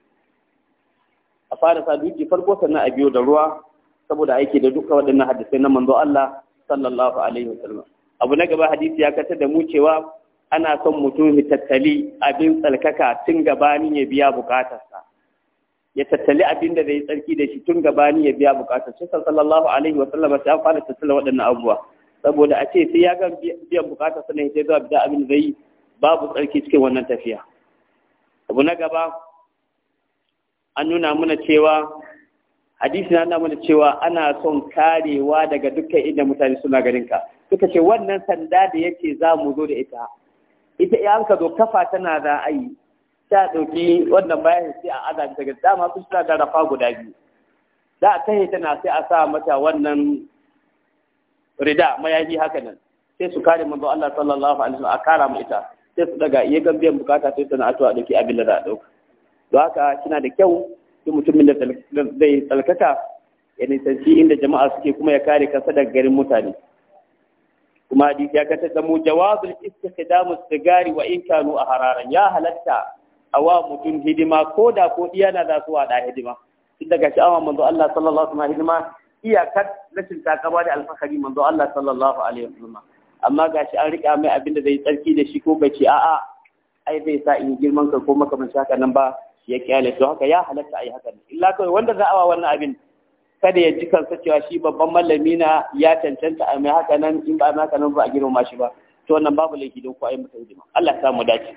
a fara sa duki farko sannan a biyo da ruwa saboda aiki da duka waɗannan hadisai na manzo Allah sallallahu alaihi wasallam abu na gaba hadisi ya kasar da mu cewa ana son mutum ya tattali abin tsarkaka tun gabanin ya biya bukatarsa ya tattali abin da zai tsarki da shi tun gabanin ya biya bukatar shi sallallahu alaihi wa sallam sai an fara tattala waɗannan abubuwa saboda a ce sai ya ga biyan bukatar sa ne sai zuwa bidan abin da zai babu tsarki cikin wannan tafiya abu na gaba an nuna mana cewa hadisi na nuna mana cewa ana son karewa daga dukkan inda mutane suna ganin ka suka ce wannan sanda da yake za mu zo da ita ita ya ka zo kafa tana za a yi ta ɗauki wannan bayan sai a aza daga dama su suna da rafa guda biyu za a kai tana sai a sa mata wannan rida mayafi haka nan sai su kare manzo Allah sallallahu alaihi wasallam a kara mu ita sai su daga iya gambiyan bukata sai tana atuwa dauki abin da za a dauka don haka kina da kyau duk mutumin da zai tsalkaka ya nisanci inda jama'a suke kuma ya kare kasa daga garin mutane kuma hadisi ya kata da mu jawazul istikhdamu sigari wa in kanu ahararan ya halatta a wa mutum hidima ko da ko iya na za su waɗa hidima tun daga sha'awa manzo Allah sallallahu alaihi wasallam hidima iyakar rashin takaba da alfahari manzo Allah sallallahu alaihi wasallam amma gashi an rika mai abin da zai tsarki da shi ko bai a'a ai zai sa in girman ka ko makamanci haka nan ba ya kyale to haka ya halatta ai haka illa kawai wanda za a wa wannan abin kada ya ji kansa cewa shi babban malami na ya cancanta a mai haka nan in ba mai haka nan ba a girma shi ba to wannan babu laifi don ku ayi masa hidima Allah ya samu dace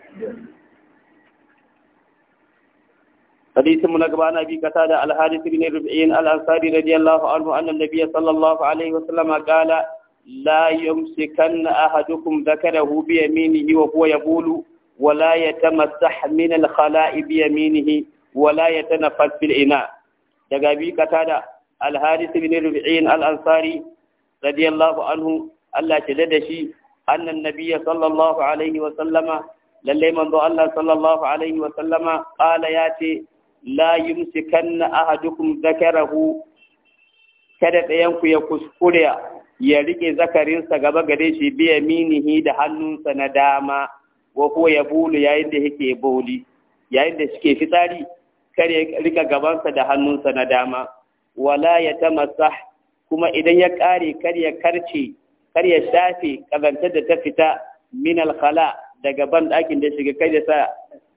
حديث من عن أبي قتادة الحارث بن ربعين الأنصاري رضي الله عنه أن النبي صلى الله عليه وسلم قال لا يمسكن أحدكم ذكره بيمينه وهو يقول ولا يتمسح من الخلاء بيمينه ولا يتنفس في الإناء daga bi katada الحارث بن ربعين الأنصاري رضي الله عنه الله تددشي أن النبي صلى الله عليه وسلم للي من الله صلى الله عليه وسلم قال ياتي لا يمسكن أحدكم ذكره kada ɗayanku ya kuskure ya rike zakarinsa gaba gare shi biya minihi da hannunsa na dama wa ko ya bulu yayin da yake boli yayin da fitsari kar ya rika gabansa da hannunsa na dama wala ya ta tamassah kuma idan ya kare kar ya karce kar ya shafe kazantar da ta fita min alkhala daga ban ɗakin da shiga kai ya sa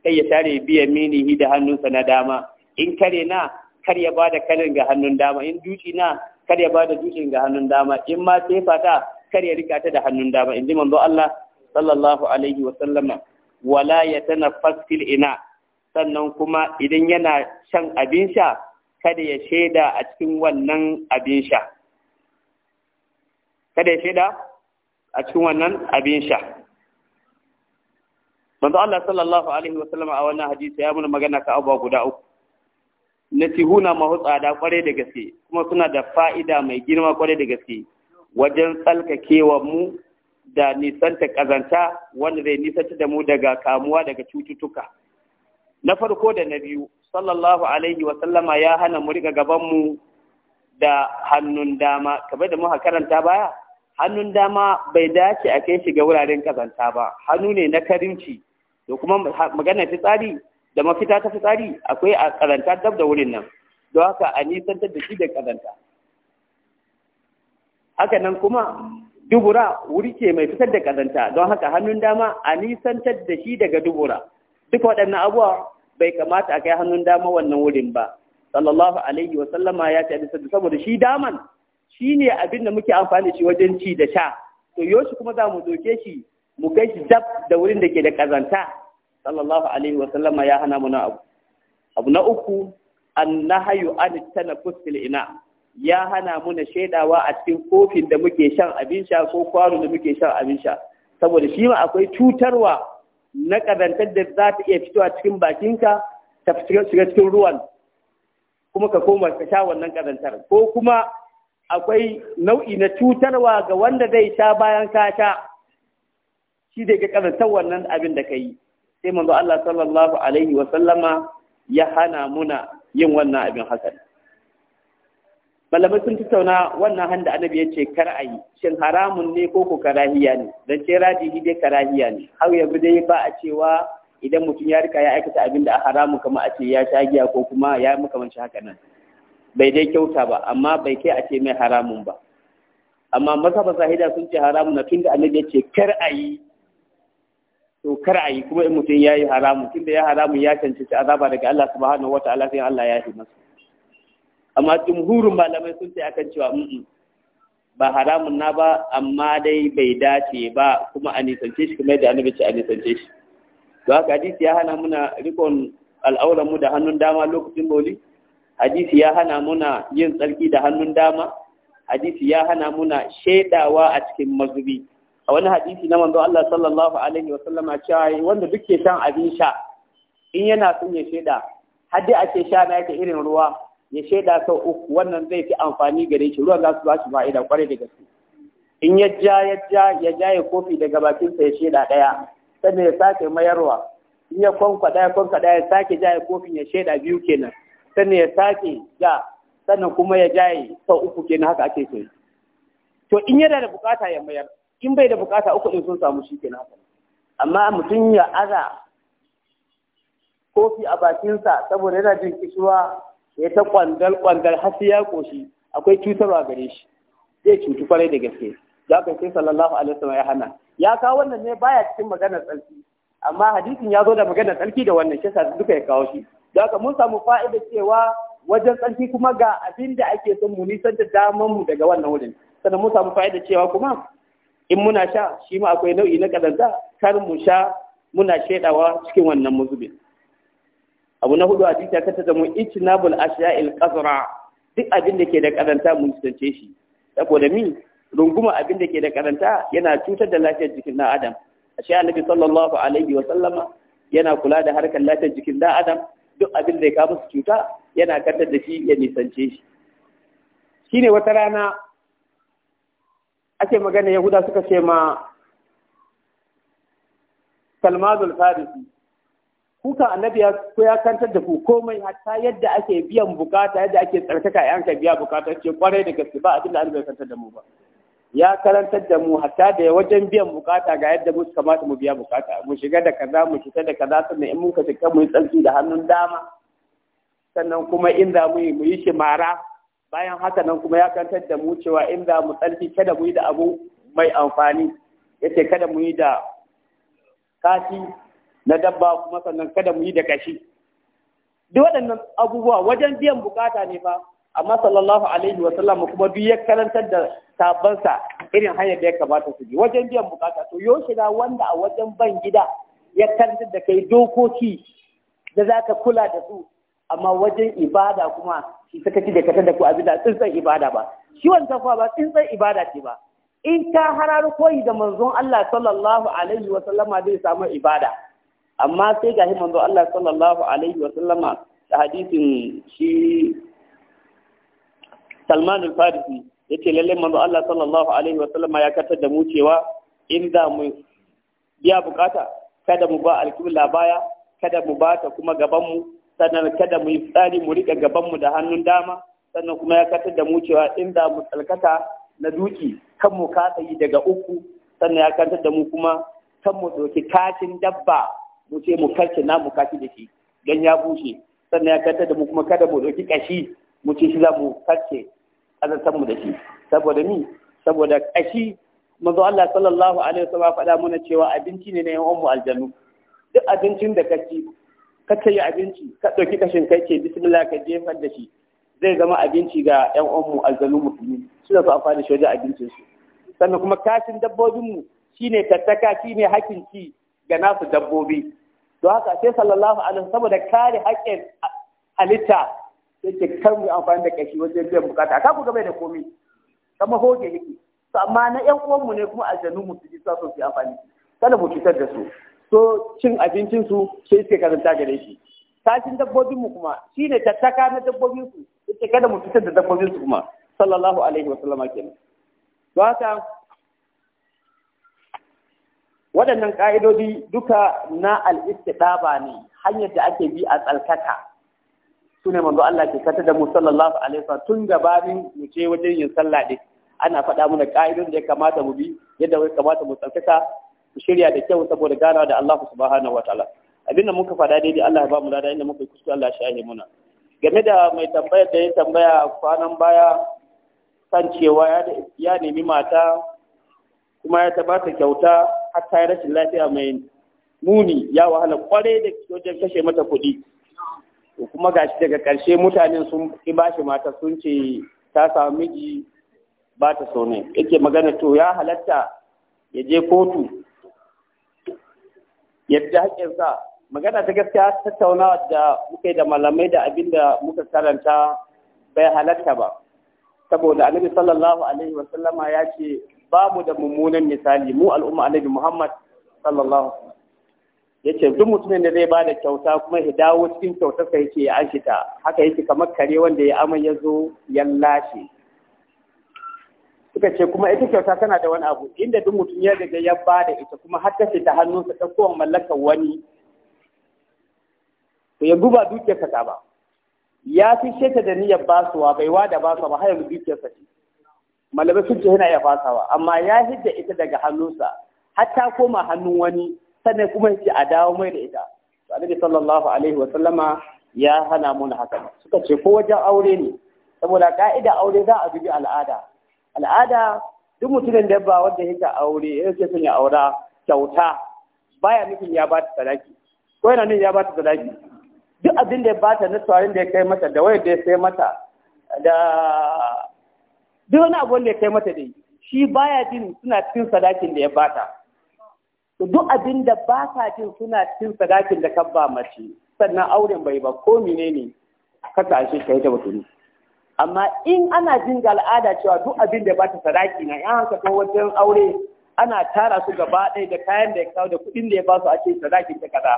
kai ya tare biya minihi da hannunsa na dama in kare na kar ya bada karin ga hannun dama in duci na kar ya bada dukin ga hannun dama in ma sefa ta kar ya rika ta da hannun dama in ji manzo Allah sallallahu alaihi wa sallama wala ya yatanaffas fil ina sannan kuma idan yana shan abin sha kada ya shaida a cikin wannan abin sha kada ya shaida a cikin wannan abin sha manzo Allah sallallahu alaihi wa sallam a wannan hadisi ya muna magana ka abuwa guda uku nasihuna mahu tsada kwarai da gaske kuma suna da fa'ida mai girma kwarai da gaske wajen tsalkakewa mu da nisanta kazanta wanda zai nisanta da mu daga kamuwa daga cututtuka na farko da na biyu sallallahu alaihi wa sallama ya hana mu riƙa gabanmu da hannun dama kamar da muka karanta baya hannun dama bai dace a kai shi wuraren kazanta ba hannu ne na karimci to kuma maganar fitsari da mafita ta fitsari akwai a kazanta dab da wurin nan don haka a nisantar da shi da kazanta haka nan kuma dubura wuri ce mai fitar da kazanta don haka hannun dama a nisantar da shi daga dubura duk waɗannan abubuwa bai kamata a kai hannun dama wannan wurin ba sallallahu alaihi wa sallama ya ce bisa saboda shi daman shine abin da muke amfani shi wajen ci da sha to yoshi kuma za mu doke shi mu kai shi dab da wurin da ke da kazanta sallallahu alaihi wa sallama ya hana mu na abu abu na uku annahayu an tanaffus fil ina ya hana muna shaidawa a cikin kofin da muke shan abin sha ko kwano da muke shan abin sha saboda shi ma akwai cutarwa na ƙazantar da za ta iya fitowa cikin bakinka ta shiga cikin ruwan kuma ka koma ka sha wannan ƙazantar ko kuma akwai nau'i na cutarwa ga wanda zai sha bayan ka sha shi da ka ƙazantar wannan abin da ka yi sai manzo Allah sallallahu alaihi wa sallama ya hana muna yin wannan abin hakan malamai sun tattauna wannan handa annabi ya ce kar a yi shin haramun ne ko ko karahiya ne dan ce rajihi dai karahiya ne har yanzu dai ba a cewa idan mutum ya rika ya aikata abin da a haramun kama a ce ya sha giya ko kuma ya makamanci haka nan bai dai kyauta ba amma bai kai a ce mai haramun ba amma masaba sahida sun ce haramun na tunda annabi ya ce kar a yi to kar a yi kuma in mutum ya yi haramun tunda ya haramun ya cancanci azaba daga Allah subhanahu wataala sai Allah ya yi masa amma jumhurin malamai sun ce akan cewa ba haramun na ba amma dai bai dace ba kuma a nisance shi kamar da annabi ce a nisance shi to haka hadisi ya hana muna rikon al'auran mu da hannun dama lokacin boli hadisi ya hana muna yin tsarki da hannun dama hadisi ya hana muna shaidawa a cikin mazubi a wani hadisi na manzo Allah sallallahu alaihi wa sallama cewa wanda duk ke shan abin sha in yana son ya shaida har dai ake sha na yake irin ruwa ya shaida sau uku wannan zai fi amfani gare shi ruwan za su ba shi fa'ida kwarai da gaske in ya ja ya ja ya ja ya kofi daga bakin sa ya shaida ɗaya sannan ya sake mayarwa in ya kwankwada ya kwankwada ya sake ja ya kofin ya shaida biyu kenan sannan ya sake ja sannan kuma ya ja sau uku kenan haka ake so to in yana da bukata ya mayar in bai da bukata uku din sun samu shi kenan haka amma mutum ya aza kofi a bakinsa saboda yana jin kishuwa ya ta kwandal kwandal har sai ya koshi akwai cutarwa gare shi zai cutu kwarai da gaske za ka sai sallallahu alaihi wasallam ya hana ya kawo wannan ne baya cikin maganar tsarki amma hadisin ya zo da maganar tsarki da wannan kisa duka ya kawo shi za ka mun samu fa'ida cewa wajen tsarki kuma ga abinda da ake son mu nisan da daman mu daga wannan wurin sannan mun samu fa'ida cewa kuma in muna sha shi ma akwai nau'i na kazanta kar mu sha muna shaidawa cikin wannan muzubin abu na hudu a cikin kasa da mu ijnabul ashya'il qazra duk abin da ke da karanta mu nisance shi saboda min runguma abin da ke da karanta yana cutar da lafiyar jikin dan adam ashe annabi sallallahu alaihi wa sallama yana kula da harkar lafiyar jikin dan adam duk abin da ya kawo musu cuta yana kaddar da shi ya nisance shi shine wata rana ake magana yahuda suka ce ma salmanul farisi kuka annabi ya ko ya kantar da ku komai hatta yadda ake biyan bukata yadda ake tsarkaka ya ka biya bukata ce kwarai da gaske ba abin da an kantar da mu ba ya karantar da mu hatta da wajen biyan bukata ga yadda mu kamata mu biya bukata mu shiga da kaza mu shiga da kaza sannan in mun ka shiga mu yi tsarki da hannun dama sannan kuma in za mu yi mu yi shimara bayan haka nan kuma ya kantar da mu cewa in za mu tsarki kada mu yi da abu mai amfani yace kada mu yi da kati na dabba kuma sannan kada mu yi da kashi duk waɗannan abubuwa wajen biyan bukata ne fa amma sallallahu alaihi wa kuma duk ya karantar da sabansa irin hanyar da ya kamata su bi wajen biyan bukata to yau na wanda a wajen ban gida ya karantar da kai dokoki da za ka kula da su amma wajen ibada kuma shi suka ci da kasar da ku a da tsintsan ibada ba shi wancan kuma ba tsintsan ibada ce ba in ka harar koyi da manzon Allah sallallahu alaihi wa zai samu ibada amma sai ga manzo Allah sallallahu alaihi wa sallama da hadisin shi Salman al-Farisi yace lalle manzo Allah sallallahu alaihi wa sallama ya katar da mu cewa in za mu biya bukata kada mu ba alƙibla baya kada mu ba ta kuma gaban mu sannan kada mu yi tsari mu rika gaban mu da hannun dama sannan kuma ya katar da mu cewa in za mu tsalkata na duki kan mu kasa daga uku sannan ya katar da mu kuma kan mu doki kacin dabba mu ce mu karce namu kashi da shi don ya bushe sannan ya karta da mu kuma kada mu ɗauki kashi mu ce shi za mu karce san mu da shi saboda ni saboda kashi manzo Allah sallallahu alaihi wasallam faɗa mana cewa abinci ne na yan aljannu duk abincin da kace ka ya abinci ka ɗauki kashin kai ce bismillah ka jefar da shi zai zama abinci ga yan ummu aljannu musulmi suna so amfani da shi wajen abincin su sannan kuma kashin dabbobin mu shine tattaka shine hakin ci ga nasu dabbobi don haka sai sallallahu alaihi saboda kare haƙƙin halitta yake kan mu amfani da kashi wajen biyan bukata ka ku gaba da komai kamar hoge yake to amma na ƴan uwan mu ne kuma aljanu mu su ji sa su yi amfani kada mu cutar da su to cin abincin su sai suke karanta gare shi kashin dabbobin mu kuma shine tattaka na dabbobin su yake kada mu cutar da dabbobin su kuma sallallahu alaihi wa sallama kenan don haka waɗannan ƙa'idodi duka na al'istidaba ne hanyar da ake bi a tsalkaka su ne manzo Allah ke kata da mu sallallahu alaihi wasallam tun gabanin mu ce wajen yin sallah ana faɗa mana ƙa'idon da ya kamata mu bi yadda ya kamata mu tsalkaka mu shirya da kyau saboda ganawa da Allah subhanahu wa abin da muka faɗa daidai Allah ya ba mu lada inda muka yi kuskure Allah ya shahe muna game da mai tambayar da ya tambaya kwanan baya kan cewa ya nemi mata kuma ya ta kyauta har ta rashin lafiya mai muni ya wahala kwarai da wajen kashe mata kuɗi kuma gashi daga ƙarshe mutanen sun ki bashi mata sun ce ta samu miji ba ta so ne yake magana to ya halatta ya je kotu yadda haƙƙinsa magana ta gaskiya tattaunawa da muke da malamai da abin da muka karanta bai halatta ba saboda annabi sallallahu alaihi sallama ya ce babu da mummunan misali mu al'umma annabi Muhammad sallallahu ya ce duk mutumin da zai ba da kyauta kuma ya dawo cikin kyautar sa yake ya anshi ta haka yake kamar kare wanda ya amai ya zo ya lashe suka ce kuma ita kyauta tana da wani abu inda duk mutum ya riga ya ba da ita kuma har ta fita hannunsa ta kowa mallakar wani to yanzu ba dukiyar ka ba ya fi sheta da niyyar basuwa bai wada basuwa ba har yanzu dukiyar sa malaba sun ce yana iya fasawa amma ya hidda ita daga hannunsa har ta koma hannun wani sannan kuma yake a dawo mai da ita to annabi sallallahu alaihi wa sallama ya hana mun haka suka ce ko wajen aure ne saboda ka'ida aure za a dubi al'ada al'ada duk mutumin da ba wanda yake aure yake son ya aura kyauta baya nufin ya ba ta sadaki ko yana nufin ya ba ta sadaki duk abin da ya bata na tsarin da ya kai mata da wayar da ya sai mata da duk wani abu wanda ya kai mata dai shi baya jin suna cikin sadakin da ya bata duk abin da ba ka jin suna cikin sadakin da ka ba mace sannan auren bai ba ko ne ka tashi kai ta mutum amma in ana jin ga al'ada cewa duk abin da ba ta sadaki na yan haka wajen aure ana tara su gaba ɗaya da kayan da ya kawo da kuɗin da ya ba su a cikin sadakin ta kaza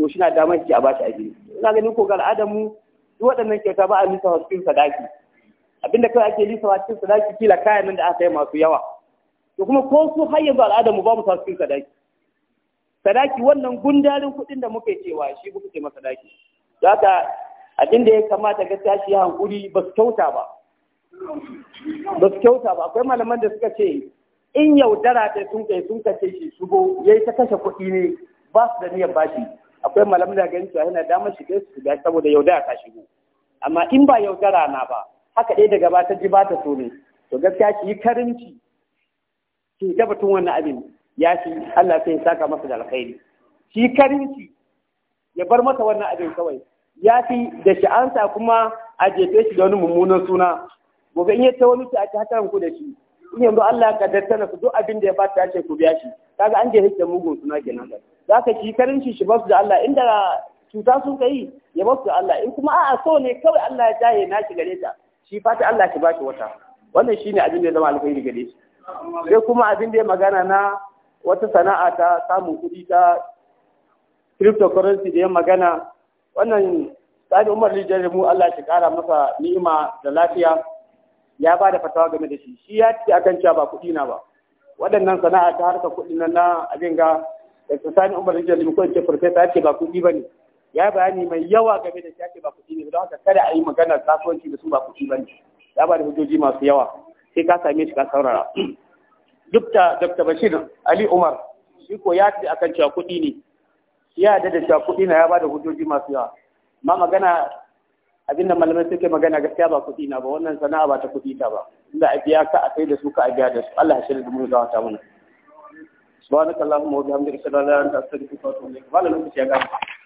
to shi na damar shi a ba shi abin ina ganin ko ga al'adar mu duk waɗannan kyauta ba a nisa cikin sadaki abinda kawai ake lisawa cikin sadaki kila kayan nan da aka yi masu yawa to kuma ko su har yanzu al'adar mu ba mu cikin sadaki sadaki wannan gundarin kuɗin da muka cewa shi kuka ce masa sadaki haka abin da ya kamata gaskiya shi hankuri ba su kyauta ba ba su kyauta ba akwai malaman da suka ce in yaudara ta sun kai sun kace shi shigo yayi ta kashe kuɗi ne ba su da niyyar bashi akwai malaman da ganin cewa yana damar shige su saboda yaudara ta shigo amma in ba yaudara na ba haka ɗaya daga ba ta ji ba ta so ne to gaskiya ki yi karinci ki ga batun wannan abin ya fi Allah sai ya saka masa da alkhairi shi karinci ya bar masa wannan abin kawai ya fi da sha'ansa kuma a jefe shi da wani mummunan suna gobe in ya ta wani a ci hatarin da shi in yanzu Allah ya kaddarta na su duk abin da ya bata ya ce ku biya shi kaga an je hikda mugun suna kenan za ka ci karinci shi basu da Allah inda cuta sun kai ya basu da Allah in kuma a'a so ne kawai Allah ya jaye na shi gare ta shi fata Allah ki baki wata wannan shine abin da ya zama alkhairi gare shi sai kuma abin da ya magana na wata sana'a ta samun kuɗi ta cryptocurrency da ya magana wannan Sani Umar Lijar mu Allah ki kara masa ni'ima da lafiya ya ba da fatawa game da shi shi ya ce akan cewa ba kuɗi na ba waɗannan sana'a ta harka kuɗi na na abin ga Sani Umar Lijar mu ko ce farfesa ya ce ba kuɗi ba ne ya bayani mai yawa game da shi ba kuɗi ne don haka kada a yi magana kasuwanci da su ba kuɗi ba ne ya ba da hujjoji masu yawa sai ka same shi ka saurara duk da dr bashir ali umar shi ko ya ce akan cewa kuɗi ne ya da da cewa kuɗi na ya ba da hujjoji masu yawa ma magana abin da malamai suke magana gaskiya ba kuɗi na ba wannan sana'a ba ta kuɗi ta ba inda a biya ka a kai da su ka a biya da su Allah ya shirya da mu zuwa ta mana subhanakallahumma wa bihamdika ashhadu an la ilaha illa anta astaghfiruka wa atubu ilaik malamai ya gaba